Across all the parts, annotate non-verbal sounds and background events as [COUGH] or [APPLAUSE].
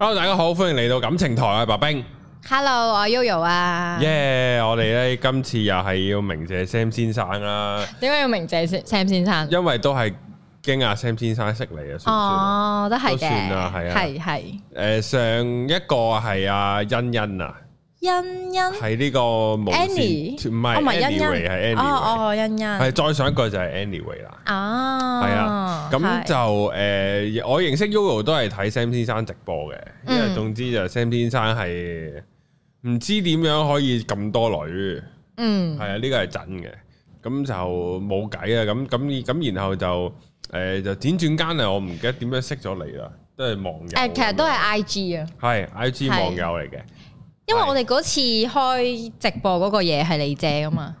hello，大家好，歡迎嚟到感情台啊，白兵。hello，我係悠悠啊。yeah，我哋咧今次又係要鳴謝 Sam 先生啦。點解要鳴謝先？Sam 先生？因為都係驚阿 Sam 先生識你啊。哦，都係嘅，係啊，係係。誒，上一個係阿欣欣啊。欣欣係呢個，唔係，唔係欣欣，係哦欣欣係再上一個就係 Anyway 啦。哦，係啊，咁就誒，我認識 Yoyo 都係睇 Sam 先生直播嘅，因為總之就 Sam 先生係唔知點樣可以咁多女，嗯，係啊，呢個係真嘅，咁就冇計啊，咁咁咁然後就誒，就輾轉間啊，我唔記得點樣識咗你啦，都係網友，誒，其實都係 I G 啊，係 I G 網友嚟嘅。因為我哋嗰次開直播嗰個嘢係你借噶嘛，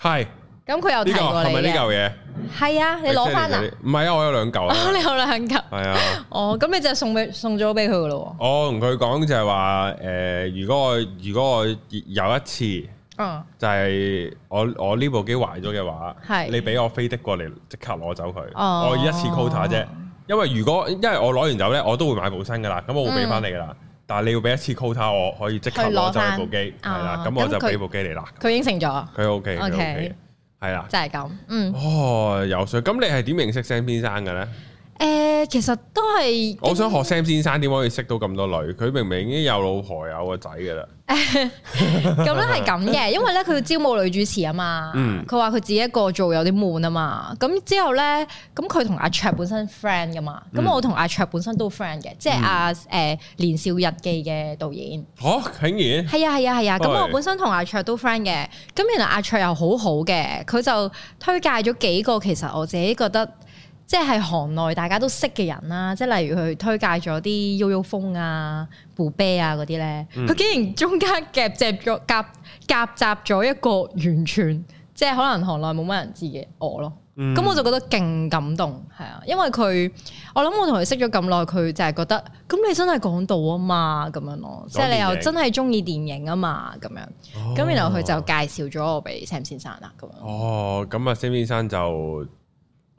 係是，咁佢又提過你嘅，係、這個、啊，你攞翻嚟。唔係 [MUSIC] 啊，我有兩嚿、啊， [LAUGHS] 你有兩嚿，係啊，哦，咁你就送俾送咗俾佢噶咯，我同佢講就係話，誒、呃，如果我如果我，如果我有一次，哦，就係我我呢部機壞咗嘅話，係，你俾我飛的過嚟，即刻攞走佢，哦、我要一次 quota 啫，因為如果因為我攞完走咧，我都會買部新噶啦，咁我會俾翻你噶啦。嗯但係你要俾一次 quota 我可以即刻攞走部機，係啦、啊，咁我就俾他部機你啦。佢應承咗，佢 OK，OK，係啦，就係咁，嗯。哦，有水，咁你係點認識 Sam 先生嘅咧？誒、欸，其實都係，我想學 Sam 先生點可以識到咁多女？佢明明已經有老婆，有個仔噶啦。咁咧係咁嘅，因為咧佢招募女主持啊嘛。佢話佢自己一個做有啲悶啊嘛。咁、嗯嗯、之後咧，咁佢同阿卓本身 friend 噶嘛。咁、嗯、我同阿卓本身都 friend 嘅，即係阿誒《年少日記》嘅導演。嗯、哦，竟然。係啊係啊係啊，咁、啊啊啊嗯、我本身同阿卓都 friend 嘅。咁、啊、原來阿、啊、卓又好、啊、卓又好嘅，佢就推介咗幾個。其實我自己覺得。即係行內大家都識嘅人啦，即係例如佢推介咗啲悠悠風啊、布啤啊嗰啲咧，佢、嗯、竟然中間夾雜咗夾夾雜咗一個完全即係可能行內冇乜人知嘅我咯，咁、嗯、我就覺得勁感動，係啊，因為佢我諗我同佢識咗咁耐，佢就係覺得咁你真係講到啊嘛咁樣咯，即係你又真係中意電影啊嘛咁樣，咁、哦、然後佢就介紹咗我俾 Sam 先生啦、啊、咁。哦，咁啊，Sam 先生就。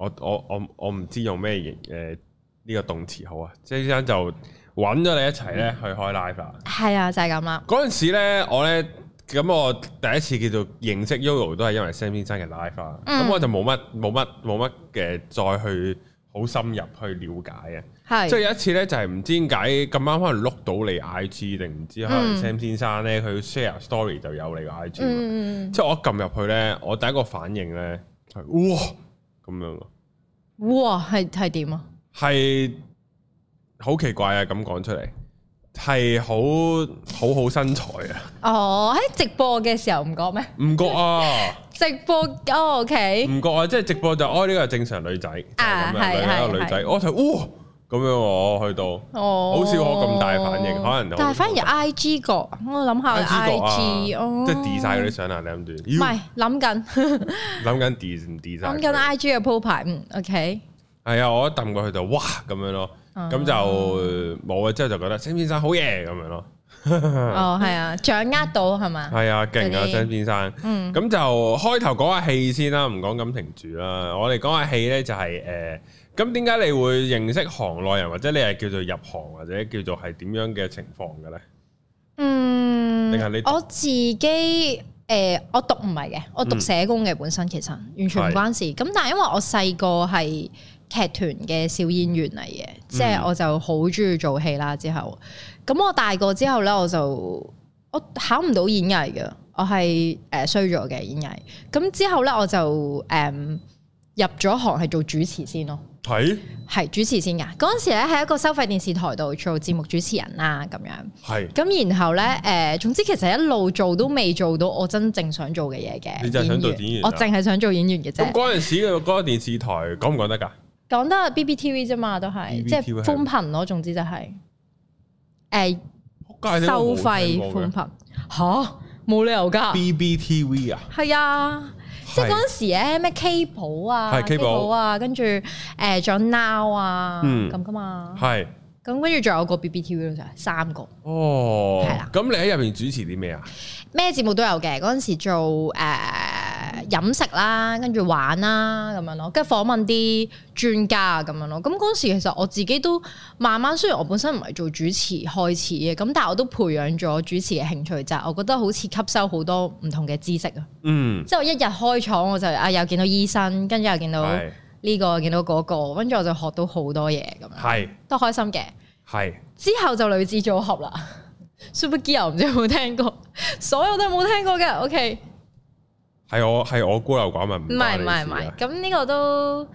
我我我我唔知用咩形誒呢個動詞好啊！即係依家就揾咗你一齊咧去開 live 啦。係、嗯、啊，就係咁啦。嗰陣時咧，我咧咁我第一次叫做認識 Yoyo 都係因為 Sam 先生嘅 live 啦。咁、嗯、我就冇乜冇乜冇乜嘅再去好深入去了解啊。係是。即係有一次咧，就係、是、唔知點解咁啱可能碌到你 IG 定唔知可能 Sam 先生咧佢、嗯、share story 就有你個 IG、嗯。即係我撳入去咧，我第一個反應咧係哇！咁樣咯，哇，係係點啊？係好奇怪啊！咁講出嚟，係好好好身材啊！哦，喺直播嘅時候唔覺咩？唔覺啊！直播，OK，唔覺啊！即係直播就，哦，呢個係正常女仔啊，係係、啊、女仔，我睇，哇！哦是哦咁樣我去到，好噢少可咁大反應，可能但係反而 I G 個，我諗下 I G 哦，啊、噢即係 d 晒嗰啲相啊！你諗住唔係諗緊諗緊諗緊 I G 嘅鋪排，嗯，OK，係啊，我一抌過去就哇咁樣咯，咁噢就冇啊，之後就，就覺得張先生好嘢咁樣咯，哦， [LAUGHS] 係啊，掌握到係嘛，係 [LAUGHS] 啊，勁啊，張先生，就嗯，咁就開頭講下戲先啦，唔講感情住啦，我哋講下戲咧就係、是、誒。呃咁點解你會認識行內人，或者你係叫做入行，或者叫做係點樣嘅情況嘅咧？嗯，定係你我自己誒、呃？我讀唔係嘅，我讀社工嘅。本身其實、嗯、完全唔關事。咁是但係因為我細個係劇團嘅小演員嚟嘅，即係、嗯、我就好中意做戲啦。之後咁我大個之後咧，我就我考唔到演藝嘅，我係誒衰咗嘅演藝。咁之後咧，我就誒、嗯、入咗行係做主持先咯。係，係是主持先噶。嗰陣時咧，喺一個收費電視台度做節目主持人啦，咁樣。係是。咁然後咧，誒、呃，總之其實一路做都未做到我真正想做嘅嘢嘅。你就係想做演員？演員我淨係想做演員嘅啫。咁嗰陣時嘅嗰個電視台講唔講得噶？講得 B B T V 啫嘛，都係，BB TV 即係寬頻咯。嗎總之就係、是，誒、呃，收費寬頻吓，冇、啊、理由噶。B B T V 啊？係啊。是即係嗰陣時咧，咩 K 寶啊，係 K 寶啊，跟住誒仲有 now 啊，咁噶、嗯、嘛。係是，咁跟住仲有個 B B T V 咯，就係三個。哦，係啦。咁你喺入邊主持啲咩啊？咩節目都有嘅。嗰陣時做誒。呃誒，飲食啦，跟住玩啦，咁樣咯，跟住訪問啲專家啊，咁樣咯。咁嗰時其實我自己都慢慢，雖然我本身唔係做主持開始嘅，咁但係我都培養咗主持嘅興趣啫。我覺得好似吸收好多唔同嘅知識啊。嗯。即係我一日開廠，我就啊又見到醫生，跟住又見到呢、這個，是見到嗰、那個，跟住我就學到好多嘢咁樣。係是。都開心嘅。係是。之後就女子組合啦，superior 唔知有冇聽過？所有都冇聽過嘅，OK。係我係我孤陋寡聞唔係唔係唔係咁呢個都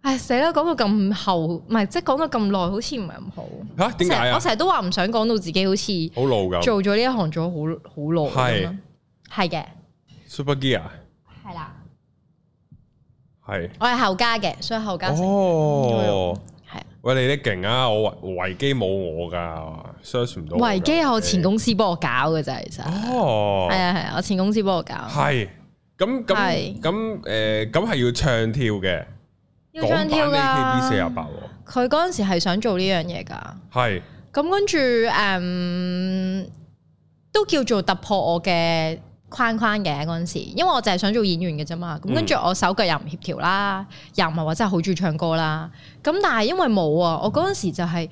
唉死啦講到咁後唔係即係講到咁耐好似唔係咁好吓點解我成日都話唔想講到自己好似好老咁做咗呢一行做好好老係係嘅 Super Gear 係啦係我係後家嘅所以後家。哦係喂你啲勁啊我維維基冇我噶。維基係我前公司幫我搞嘅啫，其實哦，係啊係啊，我前公司幫我搞。係咁咁咁誒，咁係的、呃、要唱跳嘅，要唱跳啦。A K B 四啊八，佢嗰陣時係想做呢樣嘢㗎。係咁的跟住誒、嗯，都叫做突破我嘅框框嘅嗰陣時，因為我淨係想做演員嘅啫嘛。咁跟住我手腳又唔協調啦，又唔係話真係好中意唱歌啦。咁但係因為冇啊，我嗰陣時就係、是。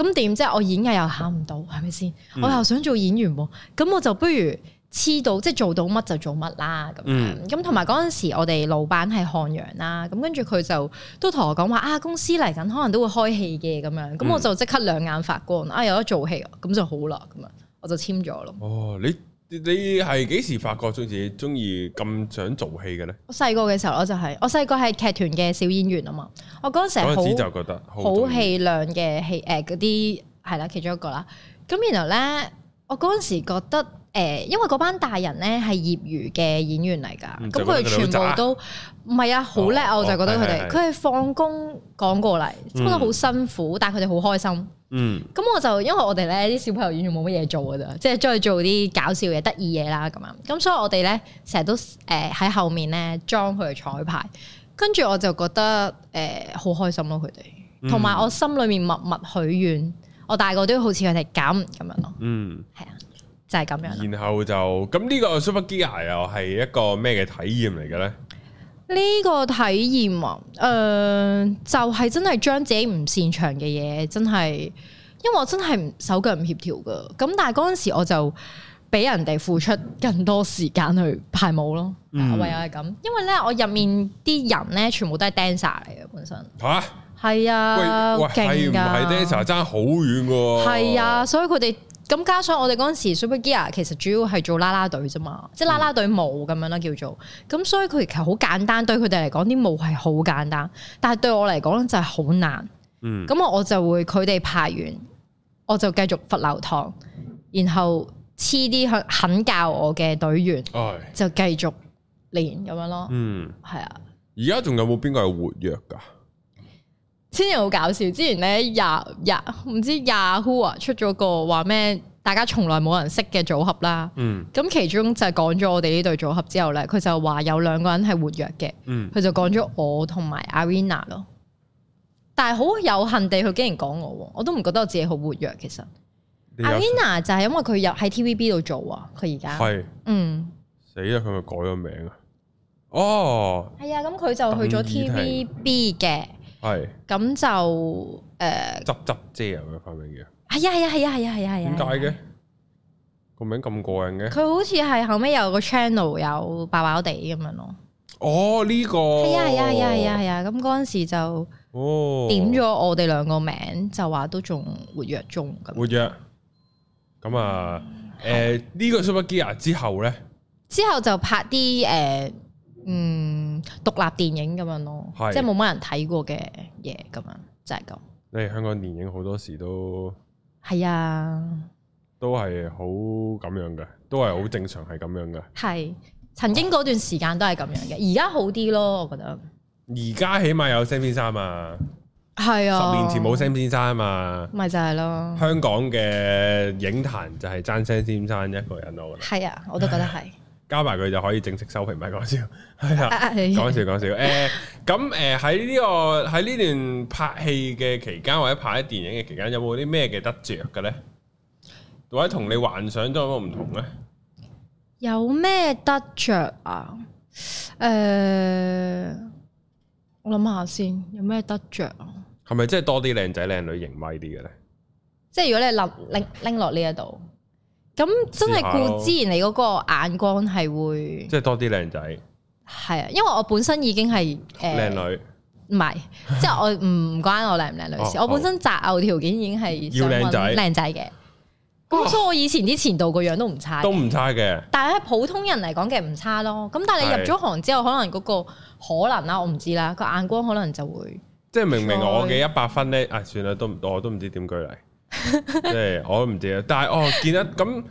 咁點即係我演藝又考唔到，係咪先？嗯、我又想做演員喎，咁我就不如黐到，即係做到乜就做乜啦咁。咁同埋嗰陣時，我哋老闆係漢陽啦，咁跟住佢就都同我講話啊，公司嚟緊可能都會開戲嘅咁樣，咁、嗯、我就即刻兩眼發光，啊有得做戲，咁就好啦咁樣，我就簽咗咯。哦，你。你係幾時發覺自己中意咁想做戲嘅咧？我細個嘅時候我就係，我細個係劇團嘅小演員啊嘛。我嗰陣時覺得好氣量嘅戲，誒嗰啲係啦，其中一個啦。咁然後咧，我嗰陣時覺得誒、呃，因為嗰班大人咧係業餘嘅演員嚟㗎，咁佢哋全部都唔係啊，好叻啊！哦、我就覺得佢哋，佢係放工趕過嚟，嗯、覺得好辛苦，但係佢哋好開心。嗯，咁我就因為我哋咧啲小朋友完全冇乜嘢做噶咋，即係鍾意做啲搞笑嘢、得意嘢啦咁樣。咁所以我哋咧成日都誒喺、呃、後面咧裝佢嘅彩排，跟住我就覺得誒好、呃、開心咯、啊，佢哋。同埋、嗯、我心裏面默默許願，我大個都好似佢哋咁咁樣咯。嗯，係啊，就係、是、咁樣。然後就咁呢個 Super Gear 又係一個咩嘅體驗嚟嘅咧？呢個體驗啊，誒、呃，就係、是、真係將自己唔擅長嘅嘢，真係，因為我真係手腳唔協調噶，咁但係嗰陣時我就俾人哋付出更多時間去排舞咯，唯有係咁，因為咧我入面啲人咧全部都係 dancer 嚟嘅，本身，吓，係啊，勁噶、啊，係唔係 dancer 爭好遠噶，係啊，所以佢哋。咁加上我哋嗰陣時 Super Gear 其實主要係做啦啦隊啫嘛，嗯、即係啦啦隊舞咁樣啦叫做，咁、嗯、所以佢其實好簡單，對佢哋嚟講啲舞係好簡單，但係對我嚟講就係好難。嗯，咁我就會佢哋排完，我就繼續罰留堂，然後黐啲肯肯教我嘅隊員，哎、就繼續練咁樣咯。嗯，係啊。而家仲有冇邊個係活躍噶？真係好搞笑，之前咧廿廿唔知 Yahoo 啊出咗個話咩，大家從來冇人識嘅組合啦。嗯，咁其中就講咗我哋呢對組合之後咧，佢就話有兩個人係活躍嘅。嗯，佢就講咗我同埋 Arina 咯。但係好有幸地，佢竟然講我，我都唔覺得我自己好活躍。其實 Arina 就係因為佢入喺 TVB 度做啊，佢而家係嗯死啦，佢咪改咗名啊？哦、oh，係啊，咁佢就去咗 TVB 嘅。係咁、嗯、就誒，執執遮嘅發明嘅，係呀係呀係呀係呀係呀係呀，點解嘅？個名咁過癮嘅？佢好似係後尾有個 channel 有爆爆地咁樣咯、哦這個。 [NOISE] 哦，呢個係呀係呀係呀係呀，咁嗰陣時就哦點咗我哋兩個名，就話都仲活躍中咁。活躍咁啊？誒，呢個 Super Girls 之後咧？之後就拍啲誒，嗯。嗯獨立電影咁樣咯，是即係冇乜人睇過嘅嘢咁樣，就係、是、咁。你、哎、香港電影好多時都係啊，都係好咁樣嘅，都係好正常係咁樣嘅。係，曾經嗰段時間都係咁樣嘅，而家好啲咯，我覺得。而家起碼有星先生啊，係啊，十年前冇星先生啊嘛，咪就係咯。香港嘅影壇就係爭星先生一個人咯，我覺得係啊，我都覺得係。 [LAUGHS] 加埋佢就可以正式收皮，唔係講笑，係啊，講笑講笑。誒，咁誒喺呢個喺呢段拍戲嘅期間或者拍啲電影嘅期間，有冇啲咩嘅得着嘅咧？或者同你幻想都有冇唔同咧，啊呃？有咩得着啊？誒，我諗下先，有咩得着啊？係咪即係多啲靚仔靚女型威啲嘅咧？即係如果你立拎拎落呢一度。咁真係顧之然，你嗰個眼光係會即係多啲靚仔，係啊，因為我本身已經係誒靚女，唔係是， [LAUGHS] 即係我唔關我靚唔靚女事，哦、我本身擇偶條件已經係要靚仔靚仔嘅，咁所以我以前啲前度個樣都唔差、哦，都唔差嘅，但係喺普通人嚟講嘅唔差咯。咁但係你入咗行之後，可能嗰個可能、啊、啦，我唔知啦，個眼光可能就會即係明明我嘅一百分咧，啊、哎，算啦，都唔，我都唔知點舉例。即係我唔知啦，但係哦，見得咁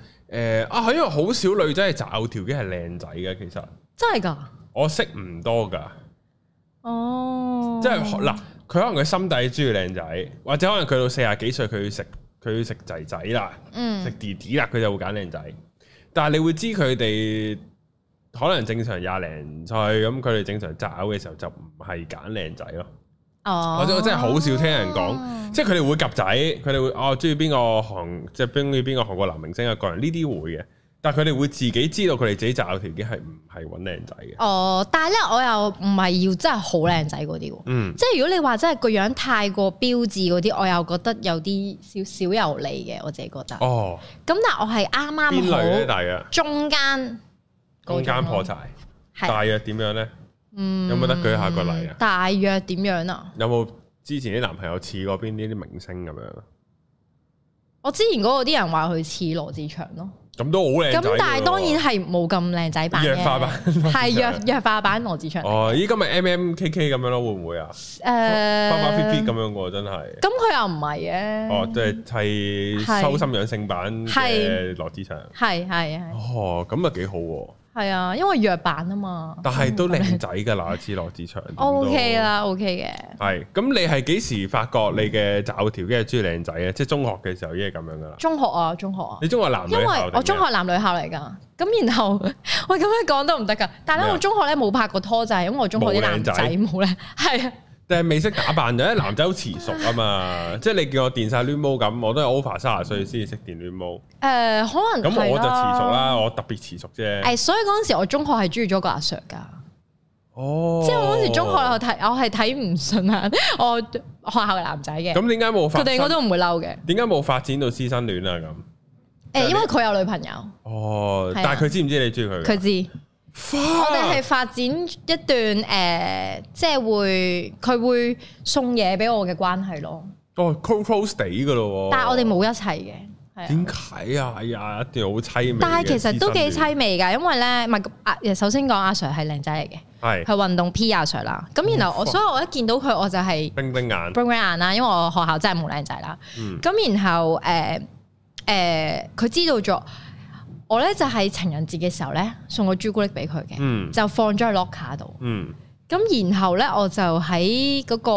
誒啊，係因為好少女仔係擇偶條件係靚仔嘅，其實真係噶，我識唔多噶，哦，即係嗱，佢可能佢心底中意靚仔，或者可能佢到四十幾歲，佢要食佢要食仔仔啦，嗯，食弟弟啦，佢就會揀靚仔，但係你會知佢哋可能正常廿零歲咁，佢哋正常擇偶嘅時候就唔係揀靚仔咯。哦、我真我真係好少聽人講、哦哦，即係佢哋會夾仔，佢哋會哦中意邊個韓，即係中意邊個韓國男明星啊！個人呢啲會嘅，但係佢哋會自己知道佢哋自己擇偶條件係唔係搵靚仔嘅。哦，但係咧我又唔係要真係好靚仔嗰啲，嗯，即係如果你話真係個樣太過標致嗰啲，我又覺得有啲少少油膩嘅，我自己覺得。哦。咁但係我係啱啱好，邊類呢大約中間，中間破柴，的大約點樣咧？有冇得舉下個例啊？大約點樣啊？有冇之前啲男朋友似過邊啲啲明星咁樣？我之前嗰個啲人話佢似羅志祥咯，咁都好靚。咁但係當然係冇咁靚仔版嘅，係弱弱化版羅志祥。祥 [LAUGHS] 哦，咦今日 M M K K 咁樣咯，會唔會啊？誒、呃，花花 fit fit 咁樣喎，真係。咁佢、嗯、又唔係嘅。哦，即係係修心養性版嘅羅志祥，係係係。哦，咁啊幾好。係啊，因為弱版啊嘛，但係都靚仔噶啦，哪知羅志祥？O K 啦，O K 嘅。係、okay，咁、okay、你係幾時發覺你嘅爪條跟住中意靚仔嘅？即係中學嘅時候已經係咁樣噶啦。中學啊，中學啊。你中學男女校？因為我中學男女校嚟噶。咁然後 [LAUGHS] 我咁樣講都唔得噶。但係咧，我中學咧冇拍過拖就咋，因為麼我中學啲男仔冇咧。係啊。就係未識打扮啫，男仔好遲熟啊嘛， [LAUGHS] 即係你叫我電晒攣毛咁，我都係 over 卅啊歲，先至識電攣毛。誒、呃，可能咁我就遲熟啦，我特別遲熟啫。誒、呃，所以嗰陣時我中學係中意咗個阿 Sir 噶。哦，即係我嗰陣時中學我睇我係睇唔順眼我學校嘅男仔嘅。咁點解冇發佢哋我都唔會嬲嘅？點解冇發展到師生戀啊？咁誒、呃，因為佢有女朋友。哦，的但係佢知唔知你中意佢？佢知。我哋係發展一段誒、呃，即係會佢會送嘢俾我嘅關係咯。哦，close close 地噶咯，但係我哋冇一齊嘅。點睇啊？哎呀，一段好淒美。但係其實都幾凄美噶，因為咧，係阿，首先講阿 Sir 係靚仔嚟嘅，係係，係運動 P 阿 Sir 啦。咁然後我，oh, fuck. 所以我一見到佢，我就係冰冰眼，冰冰眼啦。因為我學校真係冇靚仔啦。咁、嗯、然後誒誒，佢、呃呃呃、知道咗。我咧就係、是、情人節嘅時候咧送個朱古力俾佢嘅，就放咗喺 locker 度。咁然後咧我就喺嗰個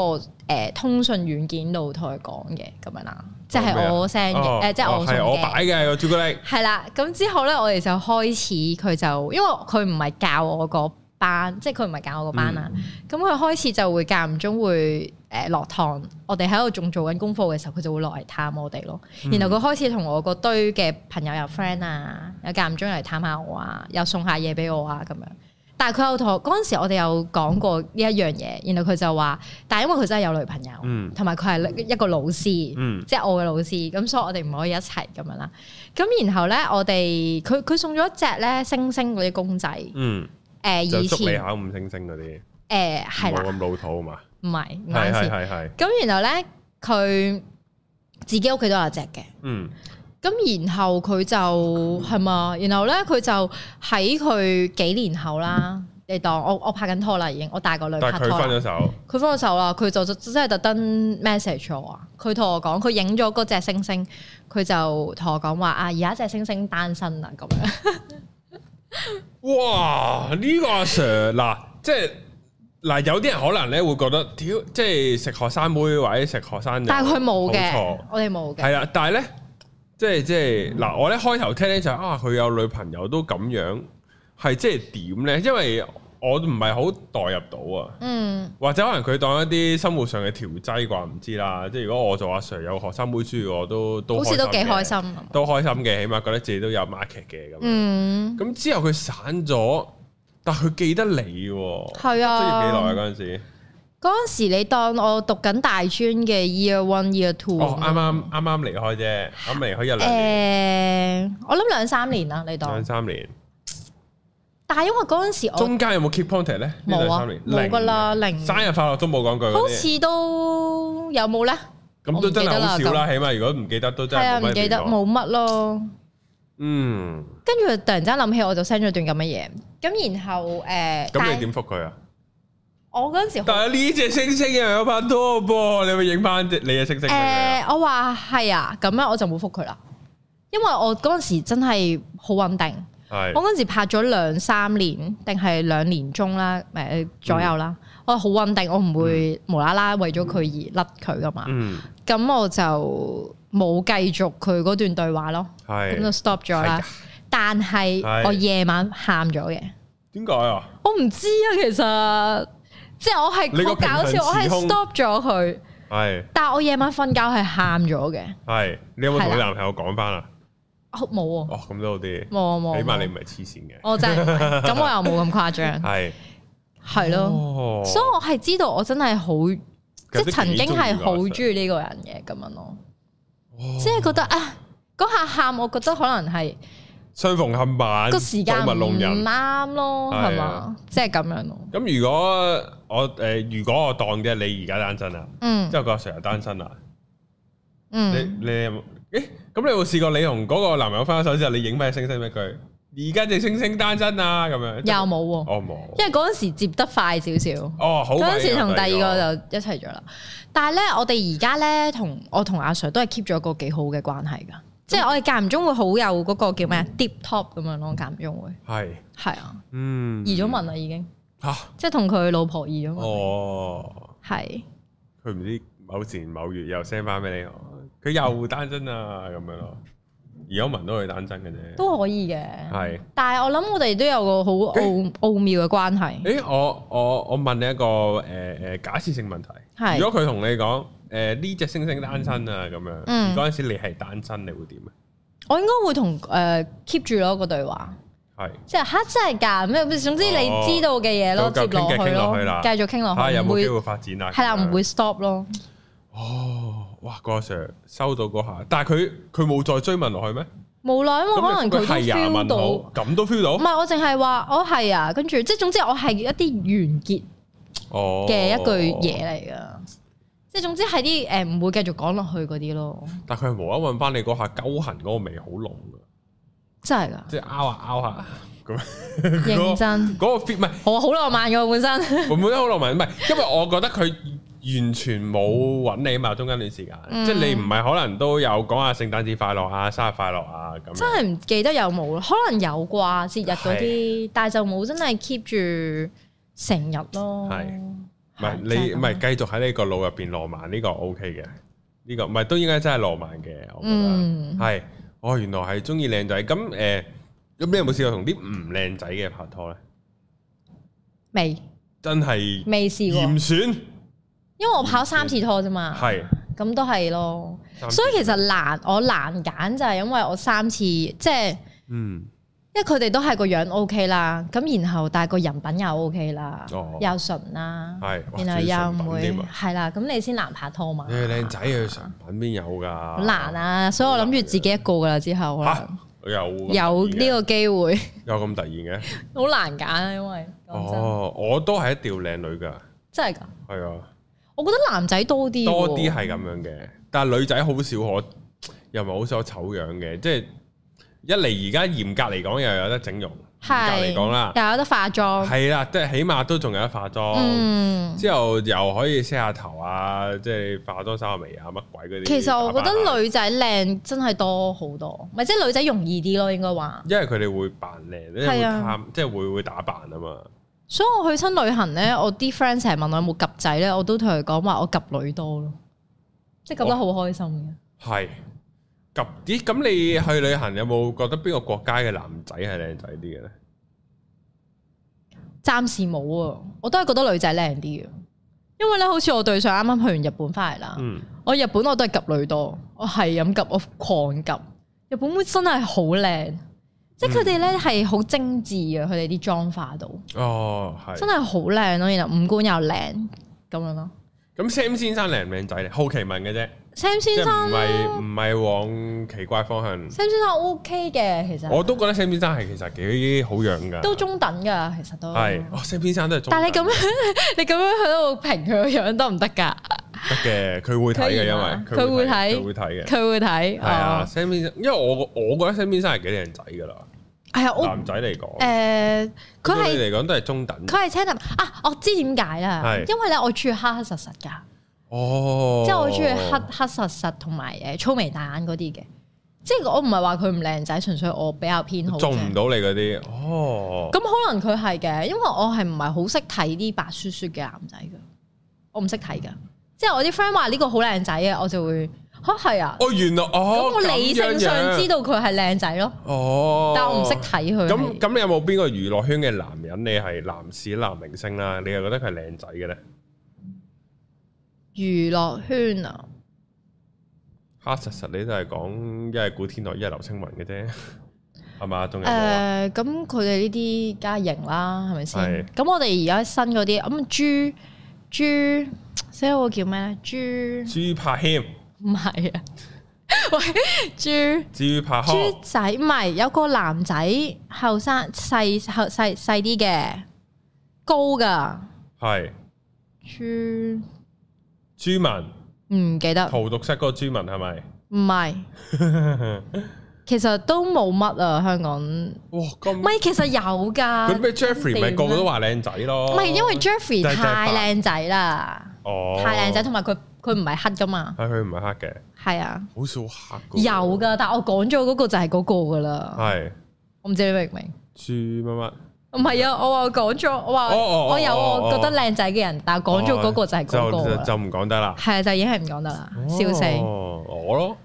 誒通訊軟件度同佢講嘅，咁樣啦，即係我 send 嘅，誒即係我送嘅。係、哦哦、我擺嘅、哦、個朱古力。係啦，咁之後咧我哋就開始佢就，因為佢唔係教我嗰班，即係佢唔係教我嗰班啊。咁佢、嗯嗯、開始就會間唔中會。誒，落堂，我哋喺度仲做緊功課嘅時候，佢就會落嚟探我哋咯。嗯、然後佢開始同我個堆嘅朋友又 friend 啊，又間唔中又嚟探下我啊，又送下嘢俾我啊咁樣。但係佢有同嗰陣時，我哋有講過呢一樣嘢。然後佢就話，但係因為佢真係有女朋友，同埋佢係一個老師，即係、嗯、我嘅老師，咁所以我哋唔可以一齊咁樣啦。咁然後咧，我哋佢佢送咗一隻咧星星嗰啲公仔，誒，以前考五星星嗰啲，誒，係啦，冇咁老土啊嘛。唔係，眼線。咁然後咧，佢自己屋企都有一隻嘅。嗯。咁然後佢就係嘛，然後咧佢就喺佢幾年後啦，你當我我拍緊拖啦已經，我大個女拍拖。但係佢分咗手。佢分咗手啦，佢就真係特登 message 我，佢同我講，佢影咗嗰隻星星，佢就同我講話啊，而家隻星星單身啦咁樣。 [LAUGHS] 哇！呢個阿 Sir 嗱，即係。嗱，有啲人可能咧會覺得，屌，即係食學生妹或者食學生，但係佢冇嘅，我哋冇。嘅、就是。係啦，但係咧，即係即係，嗱，我咧開頭聽咧就係啊，佢有女朋友都咁樣，係即係點咧？因為我唔係好代入到啊。嗯。或者可能佢當一啲生活上嘅調劑啩，唔知啦。即係如果我做阿 Sir 有學生妹住，我都都好似都幾開心，都開心嘅，起碼覺得自己都有 market 嘅咁。嗯。咁、嗯、之後佢散咗。但佢記得你喎，係啊，畢業幾耐啊？嗰陣時，嗰時你當我讀緊大專嘅 year one year two 啱啱啱啱離開啫，咁離開一兩年。誒，我諗兩三年啦，你當兩三年。但係因為嗰陣時，我中間有冇 keep contact 咧？冇啊，冇㗎啦，零。生日快樂都冇講句，好似都有冇咧？咁都真係好少啦，起碼如果唔記得都真係唔記得，冇乜咯。嗯。跟住突然之間諗起，我就 send 咗段咁嘅嘢。咁然後誒，咁、呃、但你點覆佢啊？我嗰陣時，但係呢隻星星又有拍拖噃，呃、你會影翻你隻星星？誒、呃，我話係啊，咁樣我就冇覆佢啦，因為我嗰陣時真係好穩定。係是我嗰陣時拍咗兩三年，定係兩年中啦，誒、呃、左右啦。嗯、我好穩定，我唔會無啦啦為咗佢而甩佢噶嘛。嗯，咁我就冇繼續佢嗰段對話咯。係咁是就 stop 咗啦。嗯嗯但係我夜晚喊咗嘅，點解啊？我唔知啊，其實即係我係好搞笑，我係 stop 咗佢。係，但係我夜晚瞓覺係喊咗嘅。係，你有冇同你男朋友講翻啊？哦，冇啊。哦，咁都好啲。冇啊冇，起碼你唔係黐線嘅。我真係咁，我又冇咁誇張。係，係咯。所以我係知道我真係好，即係曾經係好中意呢個人嘅咁樣咯。即係覺得啊，嗰下喊，我覺得可能係。相逢恨晚，弄人唔啱咯，係嘛，即係咁樣咯。咁如果我誒、呃，如果我當嘅你而家單身啊，嗯，即係阿 Sir 又單身啊，嗯，你你誒，咁你有冇試、欸、過你同嗰個男朋友分咗手之後你聲聲，你影咩星星咩佢而家隻星星單身啊，咁樣又冇喎，我冇、哦，因為嗰陣時接得快少少，哦，好，嗰陣時同第二個就一齊咗啦。但係咧，我哋而家咧同我同阿 Sir 都係 keep 咗個幾好嘅關係噶。即係我哋間唔中會好有嗰個叫咩啊，deep top 咁樣咯，間唔中會係係啊，嗯，移咗民啦已經吓，即係同佢老婆移咗，哦，係，佢唔知某時某月又 send 翻俾你，佢又單身啊咁樣咯，移咗民都係單身嘅啫，都可以嘅，係，但係我諗我哋都有個好奧奧妙嘅關係，誒，我我我問你一個誒誒假設性問題，如果佢同你講。誒，呢隻星星單身啊，咁樣。嗰陣時你係單身，你會點啊？我應該會同誒 keep 住咯個對話，係即係吓真係噶咩？總之你知道嘅嘢咯，接落去咯，繼續傾落去，有冇機會發展啊？係啦，唔會 stop 咯。哦，哇阿 Sir 收到嗰下，但係佢佢冇再追問落去咩？無奈因為可能佢 feel 到咁都 feel 到，唔係我淨係話我係啊，跟住即係總之我係一啲完結嘅一句嘢嚟噶。即係總之係啲誒唔會繼續講落去嗰啲咯。但係佢係無啦啦搵翻你嗰下勾痕嗰個味好濃噶，真係噶，即係拗下拗下咁認真。嗰個 feel 唔係我好浪漫嘅本身，會唔會好浪漫？唔係，因為我覺得佢完全冇搵你啊嘛，中間段時間，即係你唔係可能都有講下聖誕節快樂啊、生日快樂啊咁。真係唔記得有冇咯？可能有啩節日嗰啲，但係就冇真係 keep 住成日咯。係。唔係你唔係繼續喺呢個腦入邊浪漫，呢個 OK 嘅，呢個唔係都應該真係浪漫嘅，嗯、我覺得係。哦，原來係中意靚仔咁誒，啊啊、你有咩有冇試過同啲唔靚仔嘅拍拖咧？未沒真係未試過嚴選，因為我跑三次拖啫嘛。係咁都係咯，是次所以其實難我難揀就係因為我三次即係嗯。因為佢哋都係個樣 O K 啦，咁然後但係個人品又 O K 啦，又純啦，然後又唔會係啦，咁你先難拍拖嘛？你靚仔，你純品邊有噶？難啊！所以我諗住自己一個噶啦，之後有有呢個機會？有咁突然嘅？好難揀啊！因為哦，我都係一條靚女噶，真係噶？係啊，我覺得男仔多啲，多啲係咁樣嘅，但係女仔好少，我又唔係好少醜樣嘅，即係。一嚟而家嚴格嚟講又有得整容，是嚴格嚟講啦，又有得化妝，係啦，即係起碼都仲有得化妝。嗯、之後又可以 set 下頭啊，即、就、係、是、化多三下眉啊，乜鬼嗰啲。其實我覺得女仔靚真係多好多，咪即係女仔容易啲咯，應該話。因為佢哋會扮靚，啊、即係會會打扮啊嘛。所以我去親旅行咧，我啲 friend 成日問我有冇及仔咧，我都同佢講話我及女多咯，即係及得好開心嘅。係。及啲咁，你去旅行有冇覺得邊個國家嘅男仔係靚仔啲嘅咧？暫時冇啊，我都係覺得女仔靚啲嘅，因為咧好似我對上啱啱去完日本翻嚟啦，嗯、我日本我都係及女多，我係咁及我狂及。日本妹真係好靚，即係佢哋咧係好精緻嘅，佢哋啲妝化度，到、哦，真係好靚咯，然後五官又靚咁樣咯。咁 Sam 先生靚唔靚仔咧？好奇問嘅啫。Sam 先生唔係唔係往奇怪方向。Sam 先生 OK 嘅，其實我都覺得 Sam 先生係其實幾好樣噶。都中等噶，其實都係。哇，oh，Sam 先生都係中等。等。但係你咁樣， [LAUGHS] [LAUGHS] 你咁樣喺度評佢個樣得唔得噶？得嘅，佢會睇嘅，因為佢會睇，佢會睇嘅，佢會睇。係啊，哦，Sam 先生，因為我我覺得 Sam 先生係幾靚仔噶啦。係啊，哎、不男仔嚟講，誒、呃，佢係嚟講都係中等，佢係 medium 啊，我知點解啦，係是因為咧我中意黑黑實實噶，哦，即係我中意黑的黑實實同埋誒粗眉大眼嗰啲嘅，即係我唔係話佢唔靚仔，純粹我比較偏好，中唔到你嗰啲，哦，咁可能佢係嘅，因為我係唔係好識睇啲白雪雪嘅男仔噶，我唔識睇噶，即係我啲 friend 話呢個好靚仔啊，我就會。嚇係、喔、啊！哦、喔、原來哦，咁、喔、我理性上知道佢係靚仔咯。哦、喔，但係我唔識睇佢。咁咁，你有冇邊個娛樂圈嘅男人？你係男士、男明星啦，你又覺得佢係靚仔嘅咧？娛樂圈啊，嚇實實你都係講一係古天樂，一係劉青雲嘅啫，係嘛？誒咁佢哋呢啲家型啦，係咪先？咁、呃、是我哋而家新嗰啲咁朱朱，即係叫咩咧？朱朱柏謙。唔係啊，喂豬，至於拍拖仔唔係有個男仔後生細後細細啲嘅，高噶係豬豬文唔記得涂毒色嗰個豬文係咪唔係？其實都冇乜啊，香港哇咁咪其實有噶，佢咩 Jeffrey 咪個個都話靚仔咯，唔係因為 Jeffrey 太靚仔啦，哦太靚仔，同埋佢。佢唔係黑噶嘛？係佢唔係黑嘅。係啊，好少黑。有噶，但係我講咗嗰個就係嗰個噶啦。係，我唔知你明唔明？豬乜乜？唔係啊，我話講咗，我話我有我覺得靚仔嘅人，但係講咗嗰個就係嗰個。就就唔講得啦。係，就已經係唔講得啦。笑死，我咯。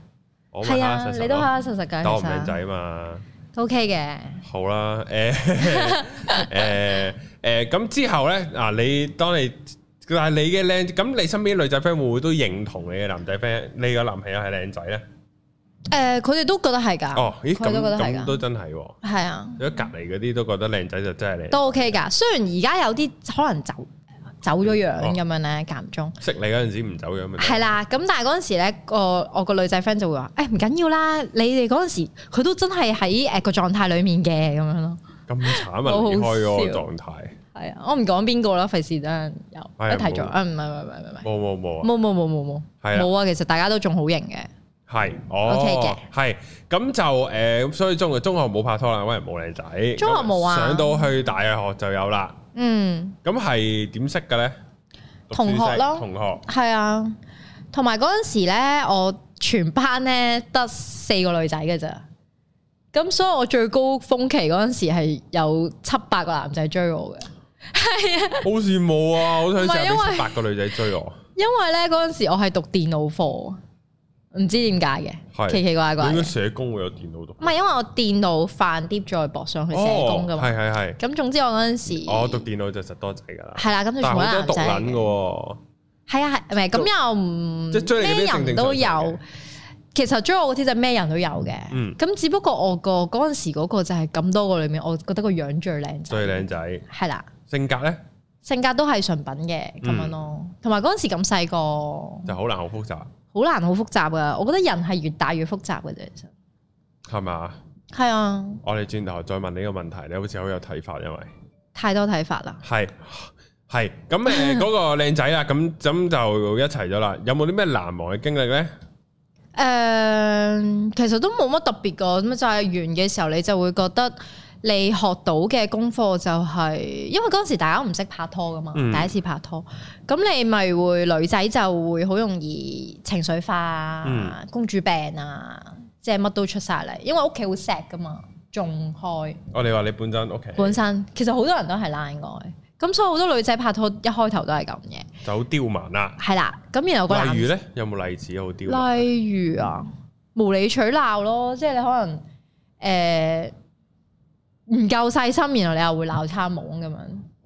係啊，你都實事實實講，我唔靚仔嘛。都 OK 嘅。好啦，誒，誒，誒，咁之後咧嗱，你當你。但係你嘅靚，咁你身邊女仔 friend 會唔會都認同你嘅男仔 friend，你個男朋友係靚仔咧？誒、呃，佢哋都覺得係噶。哦，咦，咁咁都真係喎。係啊，如果隔籬嗰啲都覺得靚仔，真哦啊、就真係靚。都 OK 噶，雖然而家有啲可能走走咗樣咁樣咧，間唔中。識你嗰陣時唔走樣咪係啦。咁、啊、但係嗰陣時咧，個我個女仔 friend 就會話，誒、哎，唔緊要，要啦，你哋嗰陣時佢都真係喺誒個狀態裏面嘅，咁樣咯。咁慘啊！ [LAUGHS] 離開嗰個狀態。我唔講邊個啦，費事等有一提咗。唔係唔係唔係唔係唔係。冇冇冇冇冇冇冇啊！其實大家都仲好型嘅。係，OK 嘅。係咁就誒，所以中中學冇拍拖啦，因為冇靚仔。中學冇啊，上到去大學就有啦。嗯，咁係點識嘅咧？同學咯，同學係啊。同埋嗰陣時咧，我全班咧得四個女仔嘅咋。咁所以我最高峰期嗰陣時係有七八個男仔追我嘅。係啊，好羨慕啊！好想試下啲八個女仔追我。因為咧，嗰陣時我係讀電腦課，唔知點解嘅，奇奇怪怪。應該社工會有電腦讀。唔係因為我電腦飯碟再駁上去社工噶嘛。係係係。咁總之我嗰陣時，我讀電腦就實多仔噶啦。係啦，咁就全部都男仔。係啊係，唔係咁又唔，咩人都有。其實追我嗰啲就咩人都有嘅。咁只不過我個嗰陣時嗰個就係咁多個裏面，我覺得個樣最靚仔，最靚仔。係啦。性格咧，性格都係純品嘅咁樣咯，同埋嗰陣時咁細個，就好難好複雜，好難好複雜噶。我覺得人係越大越複雜嘅啫，其實係咪啊？係啊。我哋轉頭再問呢個問題，你好似好有睇法，因為太多睇法啦。係係咁誒，嗰、那個靚仔啦，咁咁就一齊咗啦。 [LAUGHS] 有冇啲咩難忘嘅經歷咧？誒、呃，其實都冇乜特別噶，咁就係、是、完嘅時候，你就會覺得。你學到嘅功課就係、是，因為嗰時大家唔識拍拖噶嘛，嗯、第一次拍拖，咁你咪會女仔就會好容易情緒化，嗯、公主病啊，即係乜都出晒嚟，因為屋企好 s a 噶嘛，仲開。哦，你話你本身屋企、okay、本身其實好多人都係冷愛，咁所以好多女仔拍拖一開頭都係咁嘅，就好刁蠻啦、啊。係啦，咁然後個例如咧有冇例子好刁蠻、啊？例如啊，無理取鬧咯，即係你可能誒。呃唔夠細心，然後你又會鬧差懵咁樣。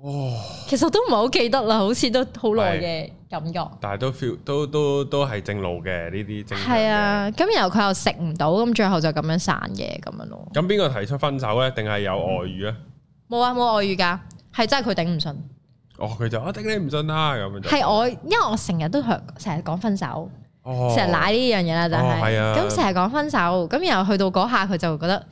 哦！其實都唔係好記得啦，好似都好耐嘅感覺。但係都 feel 都都都係正路嘅呢啲。係啊，咁然後佢又食唔到，咁最後就咁樣散嘅咁樣咯。咁邊個提出分手咧？定係有外遇啊？冇啊，冇外遇噶，係真係佢頂唔順。哦，佢就我頂你唔順啦咁。係我，因為我成日都成成日講分手，成日鬧呢樣嘢啦，就係咁成日講分手，咁然後去到嗰下佢就覺得。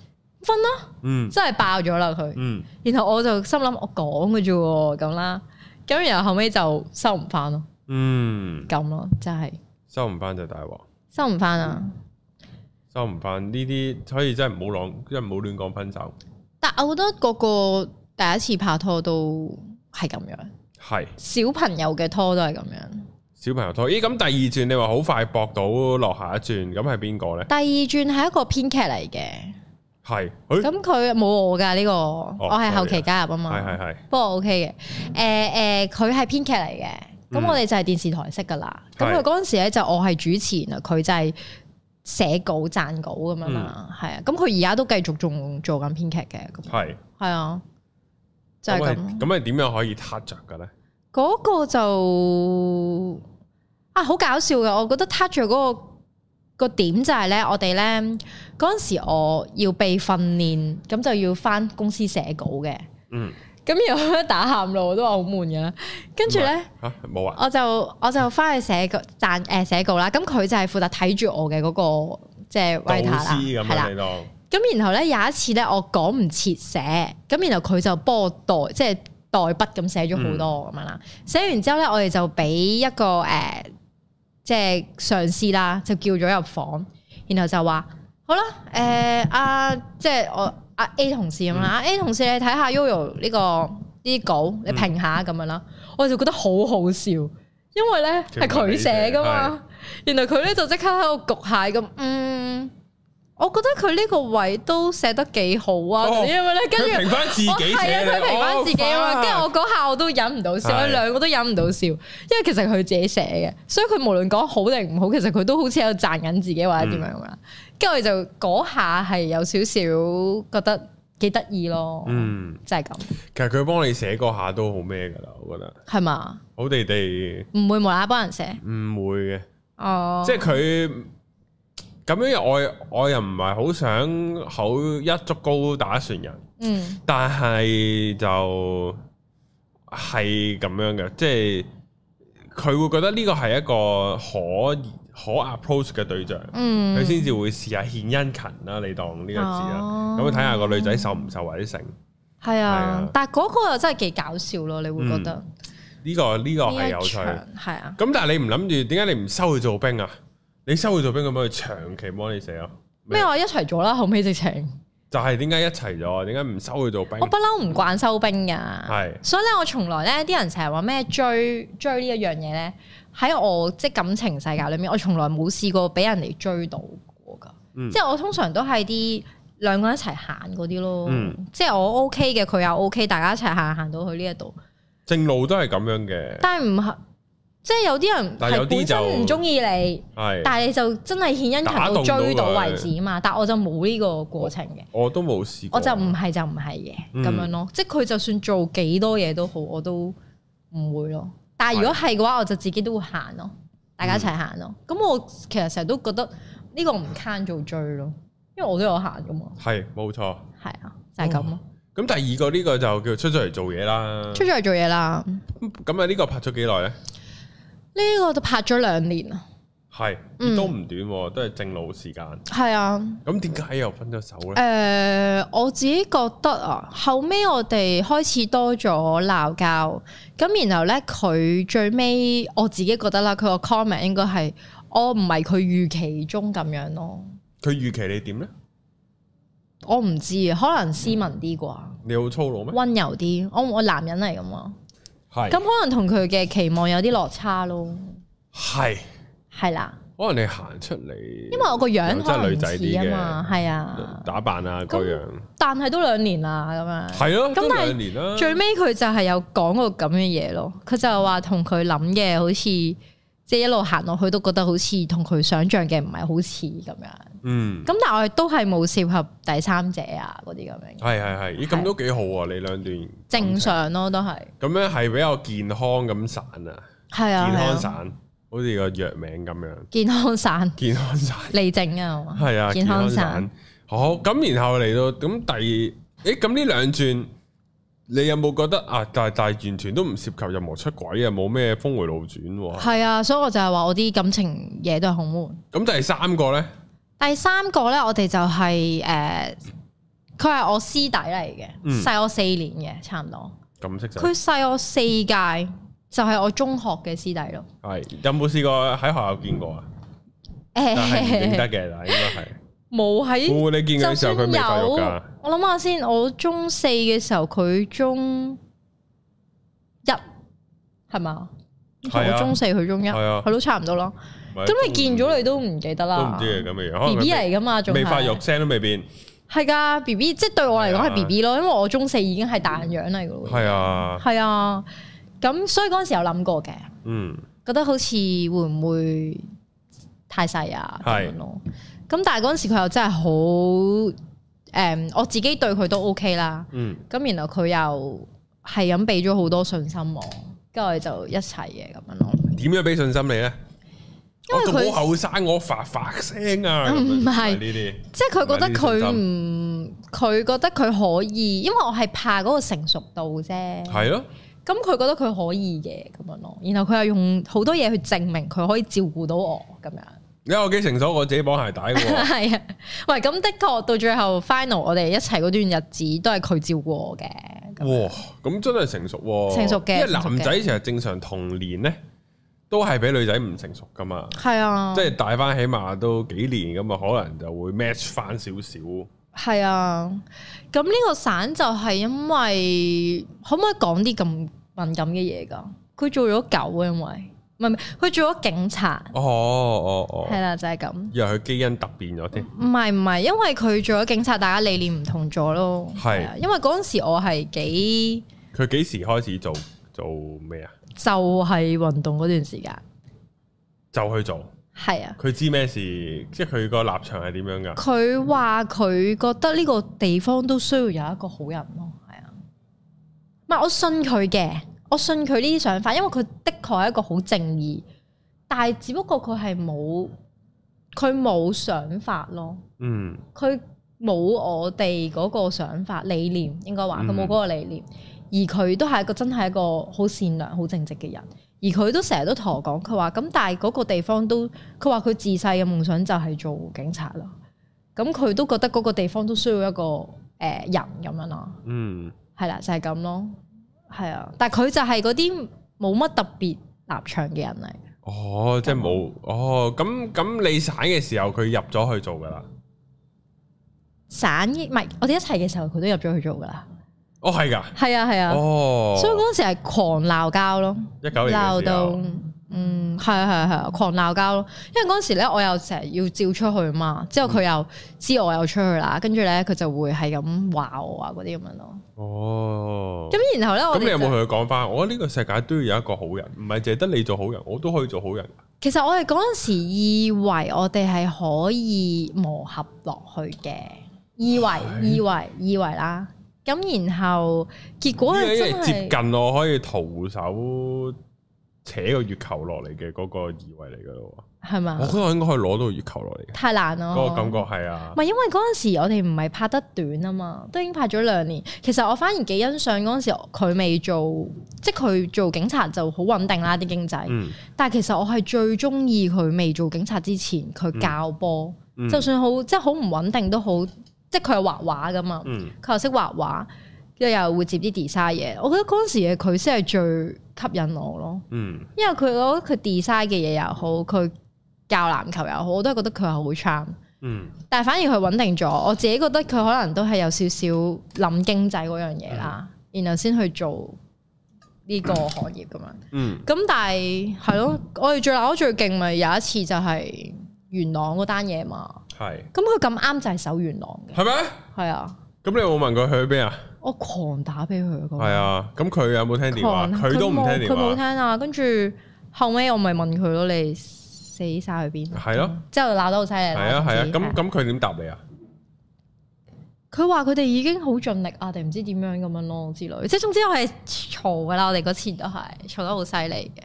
分咯、啊，嗯、真係爆咗啦佢。嗯、然後我就心諗，我講嘅啫咁啦，咁然後後尾就收唔翻咯。嗯，咁咯，真係收唔翻就大鑊，收唔翻啊，嗯、收唔翻呢啲，所以真係唔好講，真係唔好亂講分手。但我覺得個個第一次拍拖都係咁樣，係是小朋友嘅拖都係咁樣。小朋友拖，咦？咁第二轉你話好快駁到落下一轉，咁係邊個咧？第二轉係一個編劇嚟嘅。係，咁佢冇我噶呢、這個，哦、我係後期加入啊嘛。係係係。不過 OK 嘅，誒誒、嗯，佢係編劇嚟嘅，咁、呃、我哋就係電視台識噶啦。咁佢嗰陣時咧就是我係主持啊，佢就係寫稿、撰稿咁啊嘛，係啊、嗯。咁佢而家都繼續仲做緊編劇嘅。咁係係啊，就係、是、咁。咁你點樣可以撻著嘅、er、咧？嗰個就啊，好搞笑嘅，我覺得撻著嗰、er 那個。個點就係咧，我哋咧嗰陣時，我要被訓練，咁就要翻公司寫稿嘅。嗯，咁又打喊路都話好悶㗎。跟住咧，冇啊，啊我！我就我就翻去寫稿，賺誒、欸、寫稿啦。咁佢就係負責睇住我嘅嗰、那個即係維塔啦，係咁的都然後咧有一次咧，我趕唔切寫，咁然後佢就幫我代即係、就是、代筆咁寫咗好多咁樣啦。嗯、寫完之後咧，我哋就俾一個誒。欸即係上司啦，就叫咗入房，然後就話：好啦，誒阿即係我阿 A 同事咁啦，嗯啊、，A 同事你睇下 Yoyo 呢、這個啲、這個、稿，你評下咁樣啦。嗯、我就覺得好好笑，因為咧係佢寫噶嘛，原來佢咧就即刻喺度焗蟹咁。嗯我覺得佢呢個位都寫得幾好啊，點樣咧？跟住評返自己，係啊，佢評返自己啊嘛。跟住我嗰下我都忍唔到笑，兩個都忍唔到笑，因為其實佢自己寫嘅，所以佢無論講好定唔好，其實佢都好似有讚緊自己或者點樣啦。跟住我就嗰下係有少少覺得幾得意咯，嗯，就係咁。其實佢幫你寫嗰下都好咩噶啦，我覺得係嘛，好地地，唔會無啦啦幫人寫，唔會嘅，哦，即係佢。咁樣我我又唔係好想好一竹篙打船人，嗯，但係就係咁樣嘅，即係佢會覺得呢個係一個可可 approach 嘅對象，嗯，佢先至會試下獻殷勤啦，你當呢個字啦，咁睇下個女仔受唔受或者成，係、嗯、啊，但係嗰個又真係幾搞笑咯，你會覺得呢、嗯呢個呢、呢個係有趣，係啊，咁但係你唔諗住點解你唔收佢做兵啊？你收佢做兵，佢咪長期幫你寫咯。咩話一齊做啦，後尾直情就係點解一齊咗？點解唔收佢做兵？我不嬲唔慣收兵噶，係是所以咧，我從來咧，啲人成日話咩追追呢一樣嘢咧，喺我即係感情世界裏面，我從來冇試過俾人嚟追到過噶。嗯、即係我通常都係啲兩個人一齊行嗰啲咯。嗯、即係我 OK 嘅，佢又 OK，大家一齊行行到去呢一度，正路都係咁樣嘅，但係唔係。即係有啲人係本身唔中意你，但係就，你就真係獻殷勤到追到為止啊嘛！但係我就冇呢個過程嘅，我都冇試過。我就唔係就唔係嘅咁樣咯。即係佢就算做幾多嘢都好，我都唔會咯。但係如果係嘅話，我就自己都會行咯，大家一齊行咯。咁、嗯、我其實成日都覺得呢個唔算做追咯，因為我都有行噶嘛。係冇錯，係啊，就係、是、咁咯。咁、哦、第二個呢個就叫出咗嚟做嘢啦，出咗嚟做嘢啦。咁啊，呢個拍咗幾耐咧？呢個都拍咗兩年、嗯、啊，係都唔短，都係正路時間。係啊，咁點解又分咗手咧？誒、呃，我自己覺得啊，後尾我哋開始多咗鬧交，咁然後咧佢最尾我自己覺得啦，佢個 comment 應該係我唔係佢預期中咁樣咯。佢預期你點咧？我唔知啊，可能斯文啲啩、嗯？你好粗魯咩？溫柔啲，我我男人嚟噶嘛？咁係可能同佢嘅期望有啲落差咯。係係，係啦。可能你行出嚟，因為我個樣可能女仔啲啊嘛，係啊。打扮啊，嗰、啊、樣。但係都兩年啦，咁啊。係咯，咁但係最尾佢就係有講過咁嘅嘢咯，佢就話同佢諗嘅好似。即係一路行落去都覺得好似同佢想象嘅唔係好似咁樣，嗯，咁但係都係冇涉及第三者啊嗰啲咁樣。係係係，咦咁都幾好啊！你兩段正常咯，都係。咁咧係比較健康咁散啊，係啊，健康散，好似個藥名咁樣。健康散，健康散，你整啊？係啊，健康散。好，咁然後嚟到咁第二，誒咁呢兩段。你有冇覺得啊？但係但係完全都唔涉及任何出軌嘅，又冇咩峰回路轉喎。係啊，所以我就係話我啲感情嘢都係好悶。咁第三個咧？第三個咧，我哋就係、是、誒，佢、呃、係我師弟嚟嘅，細、嗯、我四年嘅，差唔多。咁識佢細我四屆，就係、是、我中學嘅師弟咯。係，有冇試過喺學校見過啊？誒、嗯，唔認得嘅，應該係。 [LAUGHS] 冇喺。你就算有，我諗下先。我中四嘅時候，佢中一係嘛？啊、我中四佢中一，佢、啊、都差唔多咯。咁是你見咗你都唔記得啦。都唔知係咁嘅樣。B B 嚟噶嘛？仲未發育，聲都未變。係噶 B B，即係對我嚟講係 B B 咯，啊、因為我中四已經係大人樣嚟噶咯。係啊，係啊。咁所以嗰陣時有諗過嘅，嗯，覺得好似會唔會太細啊？係咯的。咁但係嗰陣時佢又真係好誒，我自己對佢都 OK 啦。嗯，咁然後佢又係咁俾咗好多信心我，跟住就一齊嘅咁樣咯。點樣俾信心你啊？因為佢好後生，我發發聲啊，唔係呢啲，即係佢覺得佢唔，佢覺得佢可以，因為我係怕嗰個成熟度啫。係咯啊。咁佢覺得佢可以嘅咁樣咯，然後佢又用好多嘢去證明佢可以照顧到我咁樣。因為我幾成熟，我自己綁鞋帶喎。係啊 [LAUGHS] 喂，咁的確到最後 final，我哋一齊嗰段日子都係佢照顧我嘅。哇，咁真係成熟，啊，成熟嘅。因為男仔其實正常童年咧，都係比女仔唔成熟噶嘛。係啊，即係大翻起碼都幾年咁啊，可能就會 match 翻少少。係啊，咁呢個散就係因為可唔可以講啲咁敏感嘅嘢噶？佢做咗狗，因為，啊。唔係，佢做咗警察。哦哦哦，係啦，就係咁。因為佢基因突變咗啲。唔係唔係，因為佢做咗警察，大家理念唔同咗咯。係啊，因為嗰陣時我係幾。佢幾時開始做做咩啊？就係運動嗰段時間。就去做。係啊。佢知咩事？即係佢個立場係點樣噶？佢話佢覺得呢個地方都需要有一個好人咯。係啊。唔係，我信佢嘅。我信佢呢啲想法，因為佢的確係一個好正義，但係只不過佢係冇佢冇想法咯。嗯，佢冇我哋嗰個想法理念，應該話，佢冇嗰個理念。嗯、而佢都係一個真係一個好善良、好正直嘅人。而佢都成日都同我講，佢話咁，但係嗰個地方都，佢話佢自細嘅夢想就係做警察啦。咁佢都覺得嗰個地方都需要一個誒、呃、人咁樣咯。嗯，係啦，就係、係、咁咯。係啊，但係佢就係嗰啲冇乜特別立場嘅人嚟。哦。哦，即係冇，哦，咁咁你散嘅時候，佢入咗去做噶啦。散唔係，我哋一齊嘅時候，佢都入咗去做噶啦。哦，係噶。係啊，係啊。哦，所以嗰時係狂鬧交咯。一九年嘅時嗯，係啊，係啊，係啊，狂鬧交咯，因為嗰時咧，我又成日要照出去嘛，之後佢又知我有出去啦，跟住咧，佢就會係咁話我啊嗰啲咁樣咯。哦，咁然後咧，咁、嗯、你有冇同佢講翻？我覺得呢個世界都要有一個好人，唔係淨係得你做好人，我都可以做好人。其實我哋嗰陣時以為我哋係可以磨合落去嘅，以為、以為、以為啦。咁然後結果即係接近我可以徒手。扯個月球落嚟嘅嗰個移位嚟噶咯，係咪嗎？我覺得我應該可以攞到月球落嚟嘅。太難咯，嗰個感覺係啊。唔係因為嗰陣時我哋唔係拍得短啊嘛，都已經拍咗兩年。其實我反而幾欣賞嗰陣時佢未做，即係佢做警察就好穩定啦啲經濟。嗯、但係其實我係最中意佢未做警察之前佢教波，嗯嗯，就算好即係好唔穩定都好，即係佢係畫畫噶嘛，佢又識畫畫。即又會接啲 design 嘢，我覺得嗰時嘢，佢先係最吸引我咯。嗯，因為佢我覺得佢 design 嘅嘢又好，佢教籃球又好，我都係覺得佢係好 charm。嗯，但係反而佢穩定咗，我自己覺得佢可能都係有少少諗經濟嗰樣嘢啦，嗯、然後先去做呢個行業咁樣。嗯，咁但係係咯，我哋最鬧最勁咪有一次就係元朗嗰單嘢嘛。係、嗯，咁佢咁啱就係守元朗嘅。係咪嗎？係啊。咁你有冇過問佢去邊啊？我狂打俾佢，係啊。咁佢有冇聽電話？佢狂都唔聽電話。佢冇聽啊。跟住後尾我咪問佢咯，你死晒去邊？係咯。之後鬧得好犀利。係啊，係啊。咁咁佢點答你啊？佢話佢哋已經好盡力啊，定唔知點樣咁樣咯之類。即係總之我係嘈噶啦，我哋嗰次都係嘈得好犀利嘅。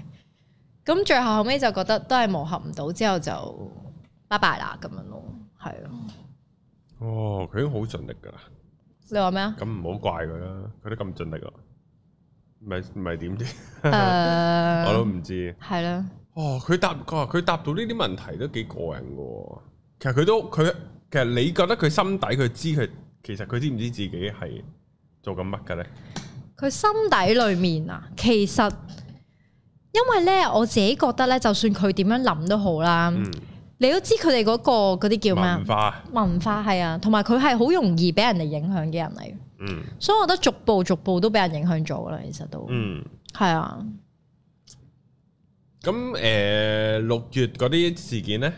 咁最後後尾就覺得都係磨合唔到，之後就拜拜啦咁樣咯。係咯。哦，佢已經好盡力噶啦。你話咩啊？咁唔好怪佢啦，佢都咁盡力咯，唔係唔係點知？Uh, [LAUGHS] 我都唔知，係啦哦。哦，佢答過，佢答到呢啲問題都幾過癮噶。其實佢都，佢其實你覺得佢心底佢知佢，其實佢知唔知自己係做緊乜嘅咧？佢心底裏面啊，其實因為咧，我自己覺得咧，就算佢點樣諗都好啦。嗯你都知佢哋嗰個嗰啲叫咩文化，文化係啊，同埋佢係好容易俾人哋影響嘅人嚟，嗯、所以我覺得逐步逐步都俾人影響咗啦，其實都，嗯，係啊。咁誒六月嗰啲事件咧，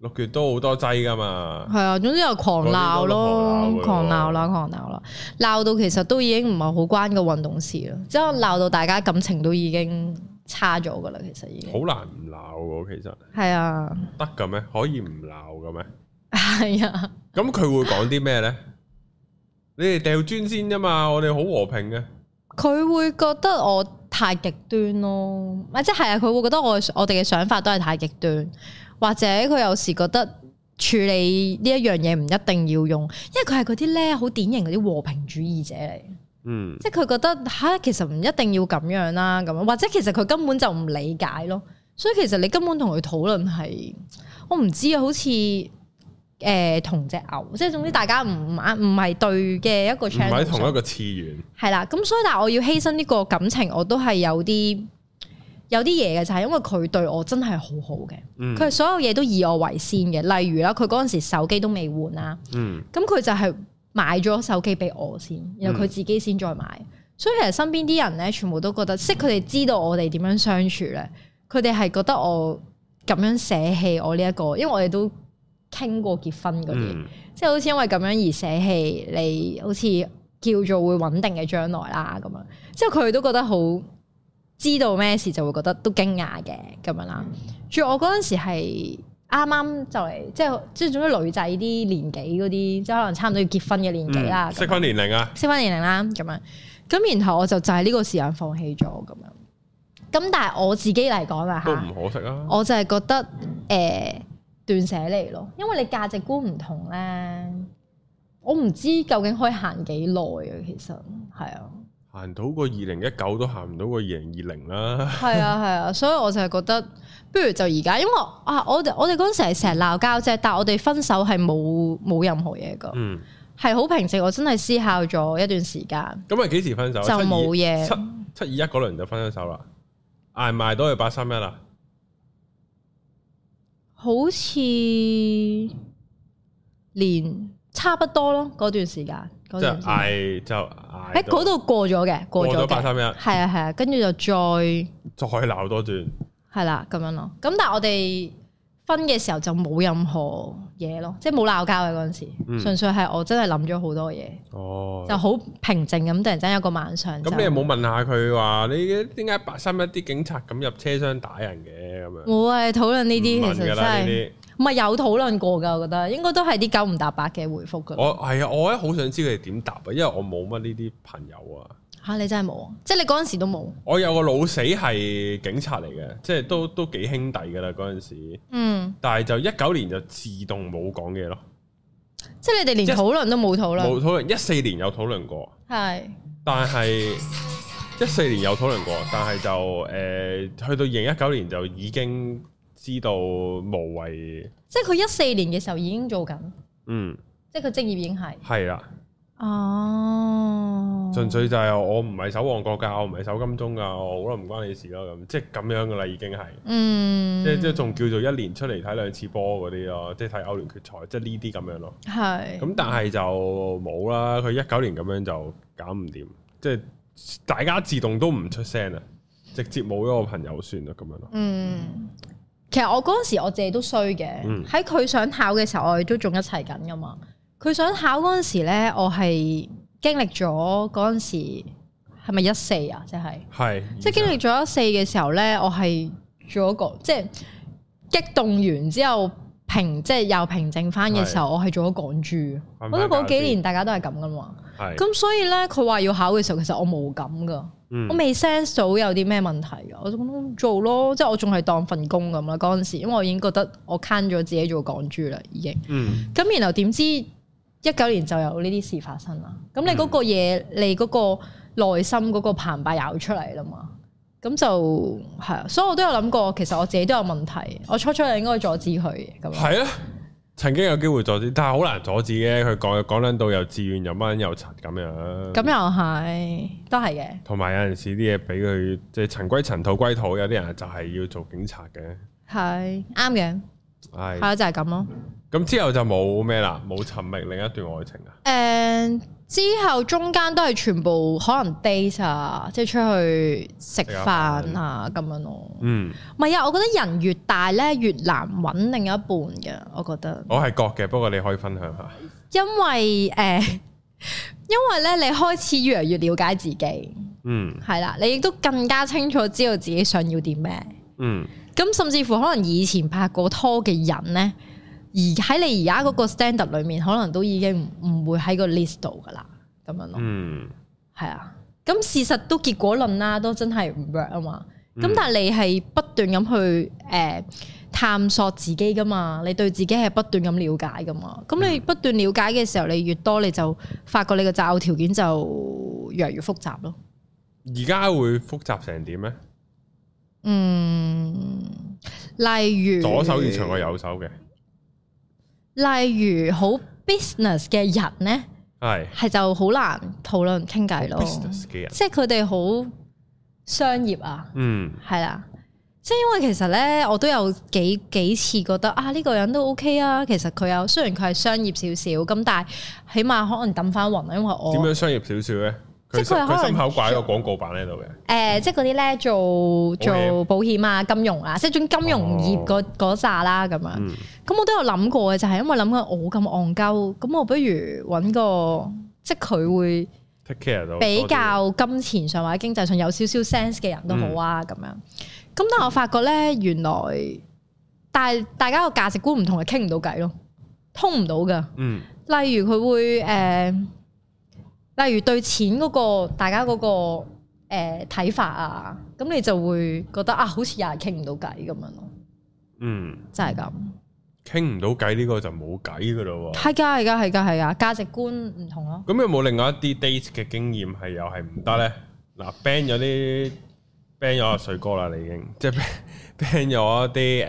六月都好多劑噶嘛，係啊，總之又狂鬧咯，狂鬧啦，狂鬧啦，鬧到其實都已經唔係好關個運動事啦，即係我鬧到大家感情都已經。差咗噶啦，其實已經好難唔鬧噶，其實係啊，得噶咩？可以唔鬧噶咩？係啊，咁佢會講啲咩咧？你哋掉磚先啫嘛，我哋好和平嘅。佢會覺得我太極端咯，咪即係啊？佢會覺得我我哋嘅想法都係太極端，或者佢有時覺得處理呢一樣嘢唔一定要用，因為佢係嗰啲咧，好典型嗰啲和平主義者嚟。嗯，即係佢覺得吓，其實唔一定要咁樣啦，啊，咁或者其實佢根本就唔理解咯，所以其實你根本同佢討論係，我唔知啊，好似誒、呃、同隻牛，即係總之大家唔唔唔係對嘅一個 channel，唔喺同一個次元，係啦，咁所以但係我要犧牲呢個感情，我都係有啲有啲嘢嘅，就係、是、因為佢對我真係好好嘅，佢係、嗯、所有嘢，都以我為先嘅，例如啦，佢嗰陣時手機都未換啦，嗯、就是，咁佢就係。買咗手機俾我先，然後佢自己先再買。嗯、所以其實身邊啲人咧，全部都覺得，識佢哋知道我哋點樣相處咧，佢哋係覺得我咁樣捨棄我呢、這、一個，因為我哋都傾過結婚嗰啲，即係好似因為咁樣而捨棄你，好似叫做會穩定嘅將來啦咁樣。即係佢哋都覺得好知道咩事就會覺得都驚訝嘅咁樣啦。仲我嗰陣時係。啱啱就係即係即係，總之女仔啲年紀嗰啲，即係可能差唔多要結婚嘅年紀啦。嗯、適婚年齡啊，適婚年齡啦、啊，咁樣。咁然後我就就係呢個時間放棄咗咁樣。咁但係我自己嚟講啊，都唔可惜啊。我就係覺得誒、呃、斷捨離咯，因為你價值觀唔同咧，我唔知究竟可以行幾耐啊。其實係啊。行到過二零一九都行唔到過二零二零啦。係 [LAUGHS] 啊係啊，所以我就係覺得，不如就而家，因為啊，我我哋嗰陣時係成日鬧交啫，但係我哋分手係冇冇任何嘢噶，係好、嗯、平靜。我真係思考咗一段時間。咁係幾時分手？就冇嘢。七七二一嗰輪就分咗手啦，挨唔挨到去八三一啦。好似連差不多咯，嗰段時間。即係嗌就喺嗰度過咗嘅，過咗八三一，係啊係啊，跟住就再再鬧多段，係啦咁樣咯。咁但係我哋分嘅時候就冇任何嘢咯，即係冇鬧交嘅嗰陣時，純粹係我真係諗咗好多嘢，哦，就好平靜咁。突然間有個晚上，咁你又冇問下佢話你點解八三一啲警察咁入車廂打人嘅咁樣？冇啊，討論呢啲其實。唔係有討論過噶，我覺得應該都係啲九唔搭八嘅回覆噶。我係啊，我一好想知佢哋點答啊，因為我冇乜呢啲朋友啊。吓、啊，你真係冇啊？即係你嗰陣時都冇。我有個老死係警察嚟嘅，即係都都幾兄弟噶啦嗰陣時。嗯。但係就一九年就自動冇講嘢咯。即係你哋連討論都冇討論，冇討論。一四年有討論過，係。但係一四年有討論過，但係就誒、呃，去到二零一九年就已經。知道無謂，即係佢一四年嘅時候已經做緊，嗯，即係佢職業已經係係啦，的哦，純粹就係我唔係守旺角架，我唔係守金鐘架，我好啦，唔關你事咯咁，即係咁樣噶啦，已經係，嗯，即係即係仲叫做一年出嚟睇兩次波嗰啲咯，即係睇歐聯決賽，即係呢啲咁樣咯，係是，咁但係就冇啦，佢一九年咁樣就搞唔掂，即係大家自動都唔出聲啊，直接冇咗個朋友算啦咁樣咯，嗯。其實我嗰陣時我自己都衰嘅，喺佢、嗯、想考嘅時候，我哋都仲一齊緊噶嘛。佢想考嗰陣時咧，我係經歷咗嗰陣時係咪一四啊？就是、的即係，係即係經歷咗一四嘅時候咧，我係做一個即係、就是、激動完之後平，即係又平靜翻嘅時候，我係做咗港豬。的我覺得嗰幾年的大家都係咁噶嘛，咁的所以咧，佢話要考嘅時候，其實我冇咁噶。我未 sense 到有啲咩問題嘅，我就咁做咯，即係我仲係當份工咁啦。嗰陣時，因為我已經覺得我 c 咗自己做港豬啦，已經。咁、嗯、然後點知一九年就有呢啲事發生啦。咁你嗰個嘢，你嗰個內心嗰個澎湃又出嚟啦嘛。咁就係啊，所以我都有諗過，其實我自己都有問題。我初初應該阻止佢咁。係啊。曾經有機會阻止，但係好難阻止嘅。佢講講兩到又自願又蚊又塵咁樣。咁又係，都係嘅。同埋有陣時啲嘢俾佢，即係塵歸塵土歸土。有啲人就係要做警察嘅。係，啱嘅。係是，係就係咁咯。咁之後就冇咩啦，冇尋覓另一段愛情啊？誒、嗯，之後中間都係全部可能 dates 啊，即、就、係、是、出去食飯啊咁好樣咯。嗯，唔係啊，我覺得人越大咧，越難揾另一半嘅。我覺得我係覺嘅，不過你可以分享下因、嗯。因為誒，因為咧你開始越嚟越了解自己，嗯，係啦，你亦都更加清楚知道自己想要啲咩，嗯。咁甚至乎可能以前拍過拖嘅人咧。而喺你而家嗰個 standard 裏面，可能都已經唔會喺個 list 度噶啦，咁樣咯。嗯，係啊。咁事實都結果論啦，都真係唔弱啊嘛。咁、嗯、但係你係不斷咁去誒、呃、探索自己噶嘛，你對自己係不斷咁了解噶嘛。咁你不斷了解嘅時候，你越多你就發覺你嘅擇偶條件就越嚟越複雜咯。而家會複雜成點咧？嗯，例如左手要長過右手嘅。例如好 business 嘅人咧，係係是就好難討論傾偈咯，即係佢哋好商業啊，嗯，係啦，即係因為其實咧，我都有幾幾次覺得啊呢個人都 OK 啊，其實佢有雖然佢係商業少少咁，但係起碼可能抌翻暈啊，因為我點樣商業少少咧？即係佢可能心口掛一個廣告版喺度嘅。誒，即係嗰啲咧做做保險啊、金融啊，即係種金融業個嗰扎啦咁樣。咁我都有諗過嘅，就係因為諗緊我咁戇鳩，咁我不如搵個即係佢會比較金錢上或者經濟上有少少 sense 嘅人都好啊，咁樣。咁但係我發覺咧，原來但係大家個價值觀唔同，係傾唔到偈咯，通唔到噶。嗯。例如佢會誒。例如對錢嗰，那個大家嗰，那個誒睇，呃、法啊，咁你就會覺得啊，好似又係傾唔到偈咁樣咯。嗯，真係咁，傾唔到偈呢個就冇計噶咯。係噶係噶係噶係噶，價值觀唔同咯，啊。咁有冇另外一啲 date 嘅經驗係又係唔得咧？嗱， [LAUGHS] 呃，ban 咗啲 [LAUGHS] ban 咗阿帥哥啦，你已經即係 ban 咗一啲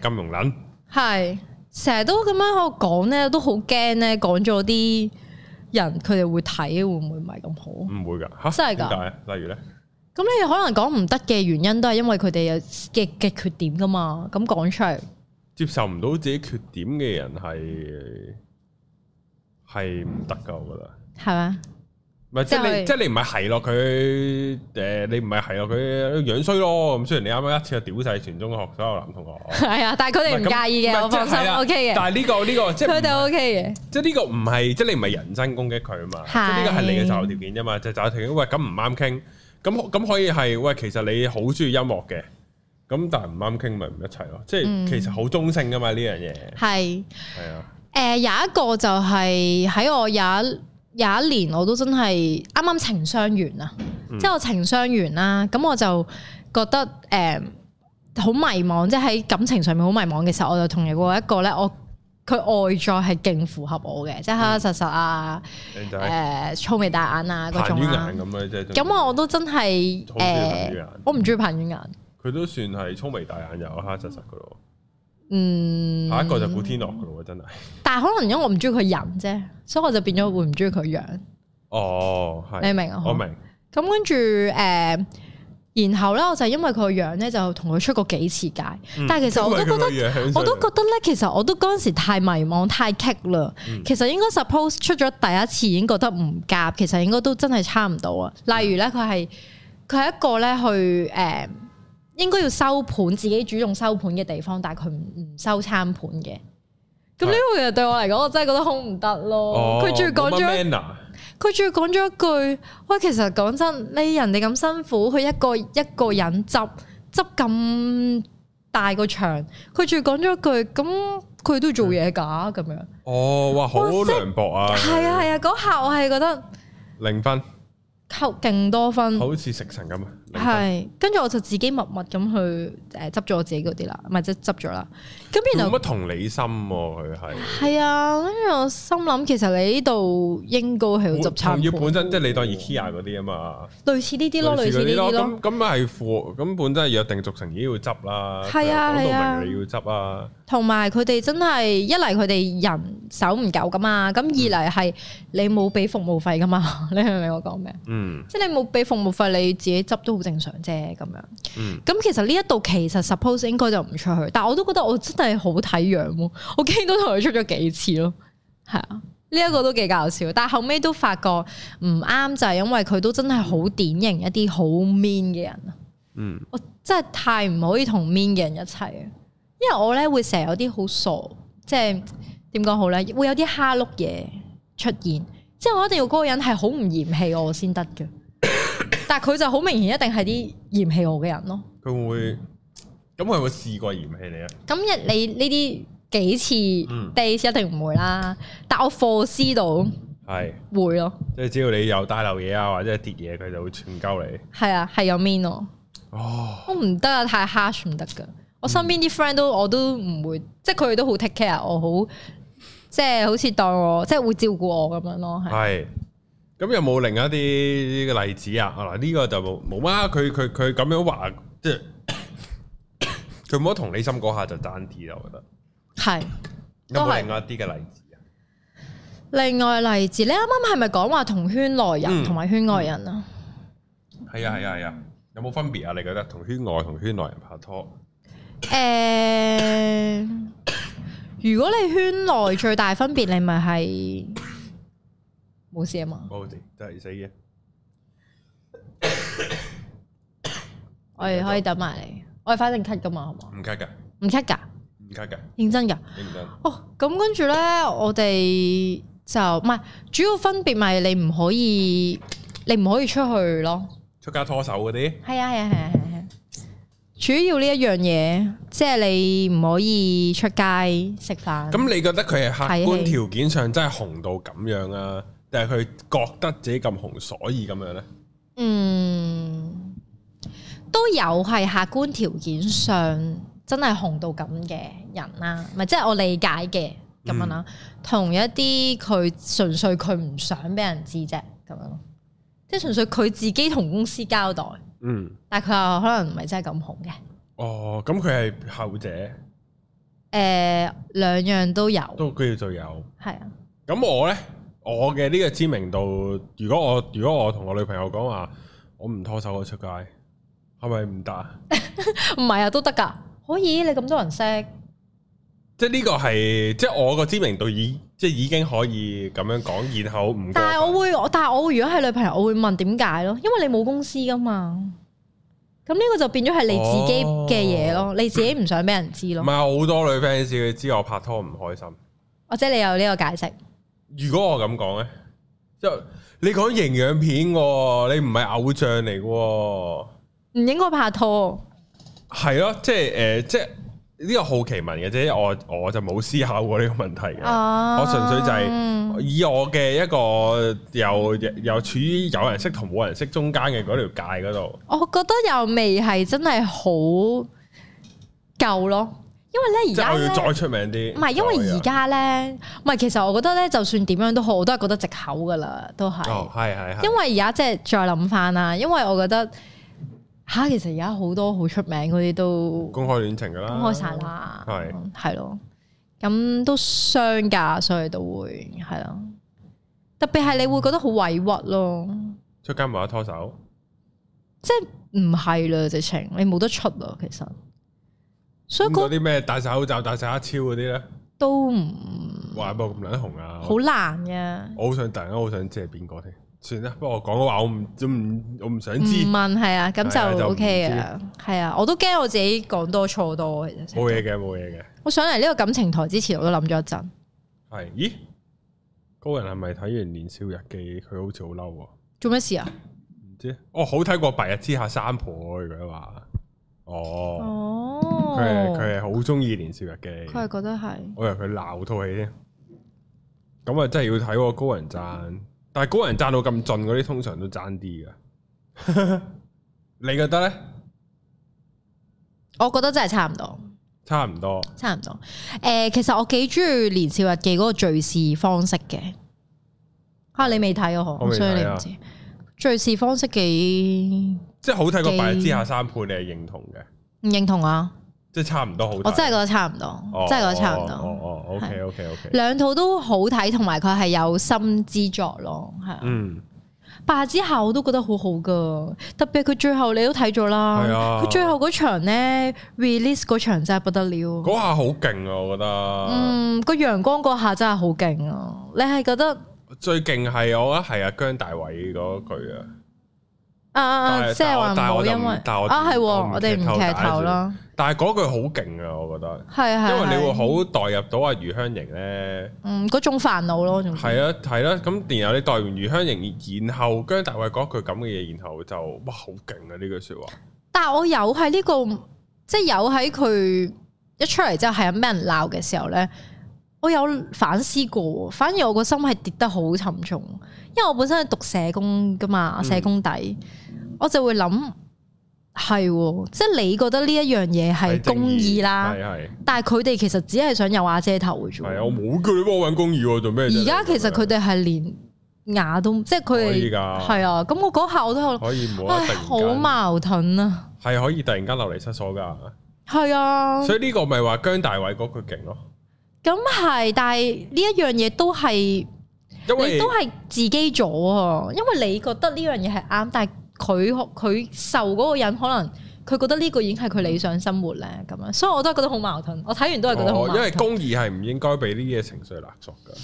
誒金融捻，係成日都咁樣喺度講咧，都好驚咧，講咗啲。人佢哋會睇會唔會唔係咁好？唔會噶，吓真係噶。點解？例如咧，咁你可能講唔得嘅原因都係因為佢哋有嘅嘅缺點噶嘛，咁講出嚟。接受唔到自己缺點嘅人係係唔得噶，我覺得，係嘛？唔係即係，即係你唔係係落佢誒，你唔係係落佢樣衰咯咁。雖然你啱啱一次就屌晒全中學所有男同學，係啊，但係佢哋唔介意嘅，是放心，O K 嘅。但係呢、這個呢、okay 的這個即係佢哋 O K 嘅，即係呢個唔係即係你唔係人身攻擊佢啊嘛，即係呢個係你嘅擇偶條件啫嘛，就擇偶條件。喂、欸，咁唔啱傾，咁咁可以係喂，嗯嗯嗯嗯、其實你好中意音樂嘅，咁但係唔啱傾咪唔一齊咯。即係其實好中性噶嘛呢樣嘢，係係啊。誒、嗯，有一個就係喺我有。有一年我都真係啱啱情商完啊，嗯、即係我情傷完啦，咁我就覺得誒好、嗯、迷茫，即係喺感情上面好迷茫嘅時候，我就同你過一個咧，我佢外在係勁符合我嘅，即係黑黑實實啊，誒粗眉大眼啊嗰種啦、啊。咁我都真係誒、呃，我唔中意彭于晏。佢都算係粗眉大眼又黑黑實實嘅咯。嗯，下一個就古天樂噶咯，真係。但係可能因為我唔中意佢人啫，所以我就變咗會唔中意佢樣。哦，係，你明啊？我明。咁跟住誒，然後咧我就因為佢個樣咧就同佢出過幾次街，嗯、但係其實我都覺得，我都覺得咧，其實我都嗰陣時太迷惘，太激啦。嗯、其實應該 suppose 出咗第一次已經覺得唔夾，其實應該都真係差唔到啊。例如咧，佢係佢係一個咧去誒。呃應該要收盤，自己主動收盤嘅地方，但係佢唔收餐盤嘅。咁呢個其實對我嚟講， [LAUGHS] 我真係覺得好唔得咯。佢仲、哦、要講咗，佢仲、啊、要講咗一句：喂，其實講真，你人哋咁辛苦，佢一個一個人執執咁大個場，佢仲要講咗一句，咁佢都做嘢㗎咁樣。哦，哇，好涼薄啊！係啊係啊，嗰下即、那個、我係覺得零分扣勁多分，好似食神咁啊！係，跟住我就自己默默咁去誒執咗我自己嗰啲啦，唔係即係執咗啦。咁原來冇乜同理心喎，佢係係啊，跟住、啊、我心諗其實你呢度應該係要執唔要本身、哦、即係你當 IKEA 嗰啲啊嘛，類似呢啲咯，類似呢啲咯。咁咁係貨，咁那本身係約定俗成已要執啦，啊，講到明你要執啊。同埋佢哋真係一嚟，佢哋人手唔夠噶嘛，咁二嚟係你冇俾服務費噶嘛，你明唔明我講咩？嗯，即係你冇俾服務費，你自己執都好正常啫，咁樣。嗯，咁其實呢一度其實 suppose 應該就唔出去，但我都覺得我真係好睇樣喎，我驚都同佢出咗幾次咯，係啊，呢一個都幾搞笑，但係後尾都發覺唔啱，就係因為佢都真係好典型一啲好 mean 嘅人啊，嗯，我真係太唔可以同 mean 嘅人一齊啊。因為我咧會成日有啲好傻，即係點講好咧，會有啲蝦碌嘢出現，即係我一定要嗰個人係好唔嫌棄我先得嘅， [COUGHS] 但係佢就好明顯一定係啲嫌棄我嘅人咯。佢會咁佢會試過嫌棄你啊？咁一你呢啲幾次，第二次一定唔會啦。但我課思度，係是會咯啦，即係只要你有帶漏嘢啊，或者跌嘢，佢就會全教你。係啊，係有 mean 咯。哦，我唔得太 harsh 唔得噶。我身邊啲 friend 都我都唔會，即係佢哋都好 take care 我，即好即係好似當我即係會照顧我咁樣咯。係咁有冇另一啲嘅例子啊？嗱，呢個就冇冇啊！佢佢佢咁樣話，即係佢冇乜同理心嗰下就爭啲啦，我覺得係。咁另外一啲嘅例子啊，有有另,外子另外例子，你啱啱係咪講話同圈內人同埋、嗯、圈外人啊？係啊係啊係啊，有冇分別啊？你覺得同圈外同圈內人拍拖？誒、嗯，如果你圈內最大分別，你咪係冇事啊嘛，事真我真係死嘅。我哋可以等埋你，我哋反正 cut 噶嘛，好唔好？唔 cut 噶，唔 cut 噶，唔 cut 噶，認真噶，認真。哦，咁跟住咧，我哋就唔係主要分別咪你唔可以，你唔可以出去咯，出街拖手嗰啲，係啊係啊係啊係。主要呢一樣嘢，即係你唔可以出街食飯。咁你覺得佢係客觀條件上真係紅到咁樣啊？定係佢覺得自己咁紅，所以咁樣咧？嗯，都有係客觀條件上真係紅到咁嘅人啦，咪，即係我理解嘅咁樣啦。嗯、同一啲佢純粹佢唔想俾人知啫，咁樣，即係純粹佢自己同公司交代。嗯，但佢又可能唔係真係咁紅嘅。哦，咁佢係後者。誒、呃，兩樣都有。都佢哋就有。係啊。咁我咧，我嘅呢個知名度，如果我如果我同我女朋友講話，我唔拖手我出街，係咪唔得？唔係 [LAUGHS] 啊，都得噶，可以。你咁多人識，即係呢個係，即係我個知名度已。即係已經可以咁樣講，然後唔。但係我會，但係我如果係女朋友，我會問點解咯？因為你冇公司噶嘛，咁呢個就變咗係你自己嘅嘢咯，哦、你自己唔想俾人知咯。唔係好多女 fans 佢知我拍拖唔開心，或者你有呢個解釋？如果我咁講咧，即你講營養片，你唔係偶像嚟嘅，唔應該拍拖。係咯，即係誒、呃，即呢個好奇問嘅啫，我我就冇思考過呢個問題嘅，um, 我純粹就係以我嘅一個又有，有處於有人識同冇人識中間嘅嗰條界嗰度。我覺得又未係真係好夠咯，因為咧而家要再出名啲，唔係、嗯、因為而家咧，唔係其實我覺得咧，就算點樣都好，我都係覺得藉口噶啦，都係。哦，係係係。因為而家即係再諗翻啦，因為我覺得。吓、啊，其實而家好多好出名嗰啲都公開戀情噶啦，公開晒啦，係係咯，咁都傷噶，所以都會係咯，特別係你會覺得好委屈咯，嗯嗯、出街冇得拖手，即係唔係啦，直情你冇得出啊，其實，所以嗰啲咩戴晒口罩，戴晒黑超嗰啲咧，都唔不哇，冇咁卵紅啊，好難嘅，我好想突然想，我好想知係邊個添。算啦，不過我講嘅話我唔，唔，我唔想知。唔問係啊，咁就 OK 啊，係啊，我都驚我自己講多錯多其實。冇嘢嘅，冇嘢嘅。我上嚟呢個感情台之前，我都諗咗一陣。係，咦？高人係咪睇完《年少日記》？佢好似好嬲啊！做咩事啊？唔知哦，好睇過《白日之下》三倍佢話。哦哦，佢係佢係好中意《年少日記》，佢係覺得係。我以為佢鬧套戲添，咁啊真係要睇個高人讚。但係高人讚到咁盡嗰啲，通常都爭啲噶。 [LAUGHS] 你覺得咧？我覺得真係差唔多，差唔多，差唔多。誒、呃，其實我幾中意《年少日記》嗰個敘事方式嘅。啊，你未睇過？好，唔，你唔知。敘事方式幾？即係好睇過《白日之下》三倍，幾你係認同嘅？唔認同啊！即係差唔多好，我真係覺得差唔多，真係覺得差唔多。哦 OK OK OK。兩套都好睇，同埋佢係有心之作咯，係嗯，八之後我都覺得好好噶，特別佢最後你都睇咗啦。佢最後嗰場咧 release 嗰場真係不得了，嗰下好勁啊！我覺得，嗯，個陽光嗰下真係好勁啊！你係覺得最勁係我覺得係啊，姜大偉嗰句啊，啊，啊即係話冇因為啊，係我哋唔劇透咯。但係嗰句好勁啊，我覺得，係係係因為你會好代入到阿余香瑩咧，嗯，嗰種煩惱咯，係啊，係啦、啊，咁然後你代完余香瑩，然後姜大衛講句咁嘅嘢，然後就哇好勁啊呢句說話。但係我有喺呢、這個，即係有喺佢一出嚟之後，係有俾人鬧嘅時候咧，我有反思過，反而我個心係跌得好沉重，因為我本身係讀社工㗎嘛，社工底，嗯、我就會諗。係，即係你覺得呢一樣嘢係公義啦，係係。但係佢哋其實只係想有瓦遮頭嘅啫。係啊，我冇叫你幫我揾公義做咩？而家其實佢哋係連牙都，即係佢哋係啊。咁我嗰下我都可以冇啊，突然間好矛盾啊。係可以突然間流離失所噶，係啊的。所以呢個咪話姜大偉嗰句勁咯。咁係，但係呢一樣嘢都係，因為你都係自己做啊。因為你覺得呢樣嘢係啱，但係。佢佢受嗰個人，可能佢覺得呢個已經係佢理想生活咧，咁樣，所以我都係覺得好矛盾。我睇完都係覺得好、哦、因為公義係唔應該俾呢啲嘢情緒勒索㗎。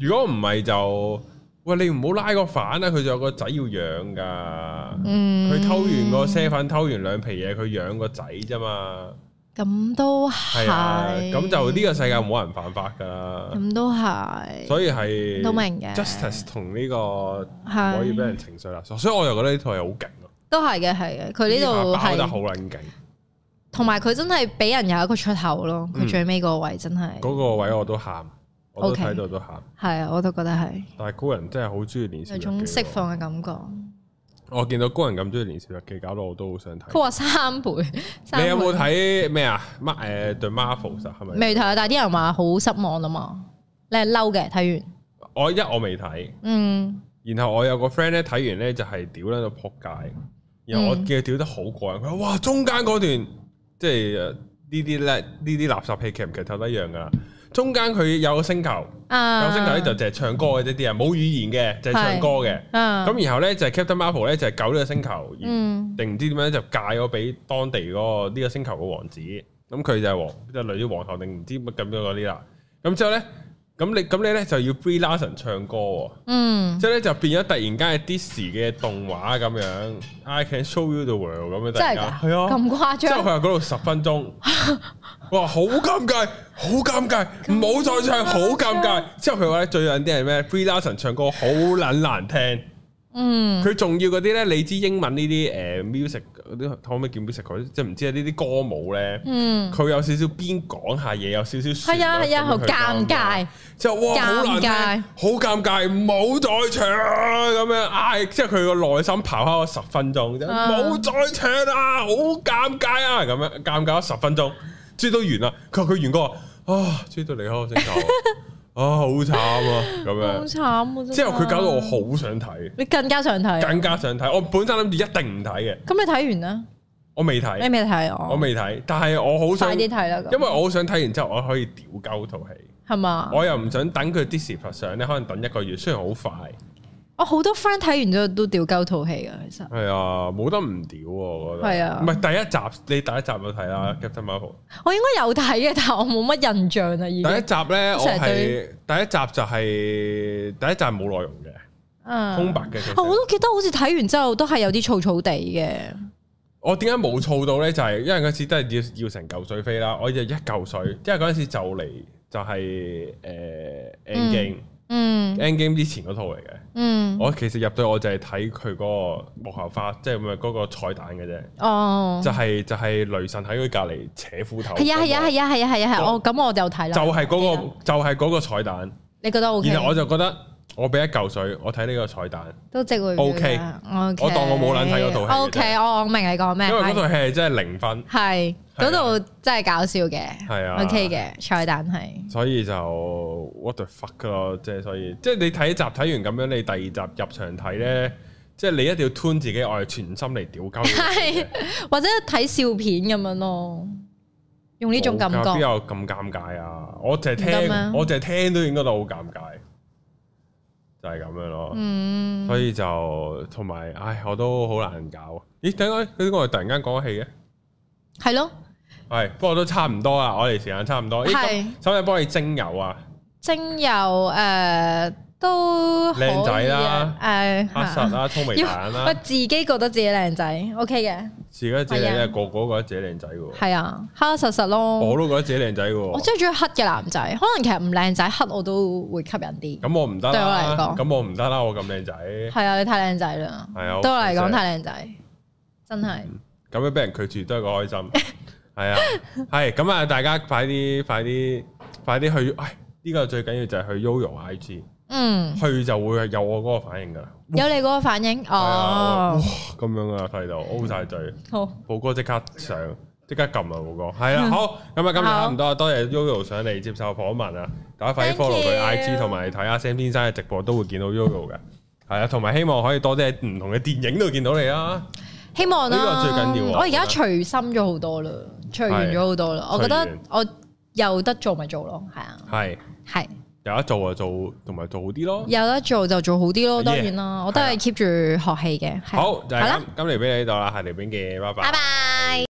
如果唔係就喂，你唔好拉個犯啊！佢仲有個仔要養㗎。嗯，佢偷完個啡粉，偷完兩皮嘢，佢養個仔啫嘛。咁都係，咁、啊、就呢個世界冇人犯法噶。咁都係，所以係都明嘅。Justice 同呢個唔可以俾人情緒垃圾，的所以我又覺得呢套係好勁咯。都係嘅，係嘅。佢呢度得好撚勁，同埋佢真係俾人有一個出口咯。佢最尾個位真係嗰、嗯那個位我都喊，我都睇到都喊。係啊，我都覺得係。但係高人真係好中意連。有種釋放嘅感覺。我見到高人咁中意連日劇搞到我都好想睇。佢話三倍，三倍你有冇睇咩啊？乜誒對 Marvels 實係咪？未睇，但係啲人話好失望啊嘛。你係嬲嘅睇完？我一我未睇，嗯。然後我有個 friend 咧睇完咧就係屌喺度撲街，然後我見佢屌得好過癮。佢話哇，中間嗰段即係呢啲叻呢啲垃圾戲劇唔劇透得一樣噶。中間佢有個星球，uh, 有星球咧就淨係唱歌嘅啫啲人，冇、嗯、語言嘅，淨係、是、唱歌嘅。咁、uh, 然後咧就係 Captain Marvel 咧就係救呢個星球，定唔、嗯、知點樣就嫁咗俾當地嗰個呢個星球嘅王子。咁佢就係王，即係類似皇后定唔知乜咁樣嗰啲啦。咁之後咧。咁你咁你咧就要 Brie Larson 唱歌喎，嗯，即係咧就變咗突然間嘅迪士尼嘅動畫咁樣，I can show you the world 咁樣真係㗎，係啊，咁誇張，誇張之後佢話嗰度十分鐘，哇，好尷尬，好尷尬，唔好再唱，好尷尬，之後佢話咧最近啲係咩？Brie Larson 唱歌好撚難聽，嗯，佢仲要嗰啲咧你知英文呢啲誒 music。嗰啲可唔可以見實佢？即係唔知係呢啲歌舞咧，佢、嗯、有少少邊講下嘢，有少少係啊係啊，好尷尬，之後、就是、哇，好尷尬，好尷尬，唔好再唱咁樣，唉、啊，即係佢個內心咆哮咗十分鐘啫，冇、啊、再唱啊，好尷尬啊，咁樣尷尬咗十分鐘，追到完啦，佢佢完過啊，追到離開我隻狗。」 [LAUGHS] 啊，好慘啊，咁樣，好慘 [LAUGHS] 啊，真。之後佢搞到我好想睇，你更加想睇，啊，更加想睇。我本身諗住一定唔睇嘅。咁你睇完啦？我未睇，你未睇我？我未睇，未但係我好想快啲睇啦。因為我好想睇完之後，我可以屌鳩套戲。係嘛？我又唔想等佢啲時發上，你可能等一個月，雖然好快。我好多 friend 睇完之後都掉鳩套戲㗎，其實係啊，冇得唔屌。我覺得係啊，唔係第一集。你第一集就睇啦 Captain Marvel，我應該有睇嘅，但係我冇乜印象啦。第一集咧，我係第一集就係第一集冇內容嘅，空白嘅。好，我都記得好似睇完之後都係有啲燥燥地嘅。我點解冇燥到咧？就係因為嗰次都係要要成嚿水飛啦，我就一嚿水，因為嗰陣時就嚟就係誒 e 嗯，Endgame 之前嗰套嚟嘅，嗯，我其實入到我就係睇佢嗰個幕後花，即係咪嗰個彩蛋嘅啫，哦，就係就係雷神喺佢隔籬扯褲頭，係啊係啊係啊係啊係啊係，哦，咁我就睇啦，就係嗰個就係嗰個彩蛋，你覺得 OK，然後我就覺得我俾一嚿水，我睇呢個彩蛋都值回，O K，我當我冇撚睇嗰套戲，O K，我明你講咩，因為嗰套戲真係零分，係嗰度真係搞笑嘅，係啊，O K 嘅彩蛋係，所以就。what the fuck 噶咯，即係所以，即係你睇一集睇完咁樣，你第二集入場睇咧，嗯、即係你一定要 turn 自己外全心嚟屌鳩， [LAUGHS] 或者睇笑片咁樣咯，用呢種感覺。邊、哦、有咁尷尬啊？我淨係聽，我淨係聽都應該都好尷尬，就係、是、咁樣咯。嗯，所以就同埋，唉，我都好難搞。咦？點解佢啲我突然間講起嘅？係是咯，係，不過都差唔多啊。我哋時間差唔多。呢咦的？今日幫你精油啊？真有誒都靚仔啦，誒，黑實啦，聰明蛋啦，我自己覺得自己靚仔，OK 嘅，自己覺得自己靚仔，個個覺得自己靚仔嘅，係啊，黑實實咯，我都覺得自己靚仔嘅，我最中意黑嘅男仔，可能其實唔靚仔，黑我都會吸引啲。咁我唔得啦，對我嚟講，咁我唔得啦，我咁靚仔，係啊，你太靚仔啦，係啊，對我嚟講太靚仔，真係。咁樣俾人拒絕都係個開心，係啊，係咁啊，大家快啲，快啲，快啲去，呢個最緊要就係去 Yoyo IG，嗯，去就會有我嗰個反應噶，有你嗰個反應，哦，咁樣啊，睇到 O 晒嘴。好，寶哥即刻上，即刻撳啊，寶哥，係啊，好，咁啊，今日差唔多，多謝 Yoyo 上嚟接受訪問啊，大家快啲 follow 佢 IG 同埋睇下 Sam 先生嘅直播都會見到 Yoyo 嘅，係啊，同埋希望可以多啲唔同嘅電影都見到你啊，希望呢個最緊要，我而家隨心咗好多啦，隨緣咗好多啦，我覺得我有得做咪做咯，係啊，係。係是有得做就做，同埋做好啲咯。有得做就做好啲咯，yeah, 當然啦，我都係 keep 住學戲嘅。啊啊、好係啦，今期俾你度啦，下期再見，拜拜。拜拜 bye。Bye bye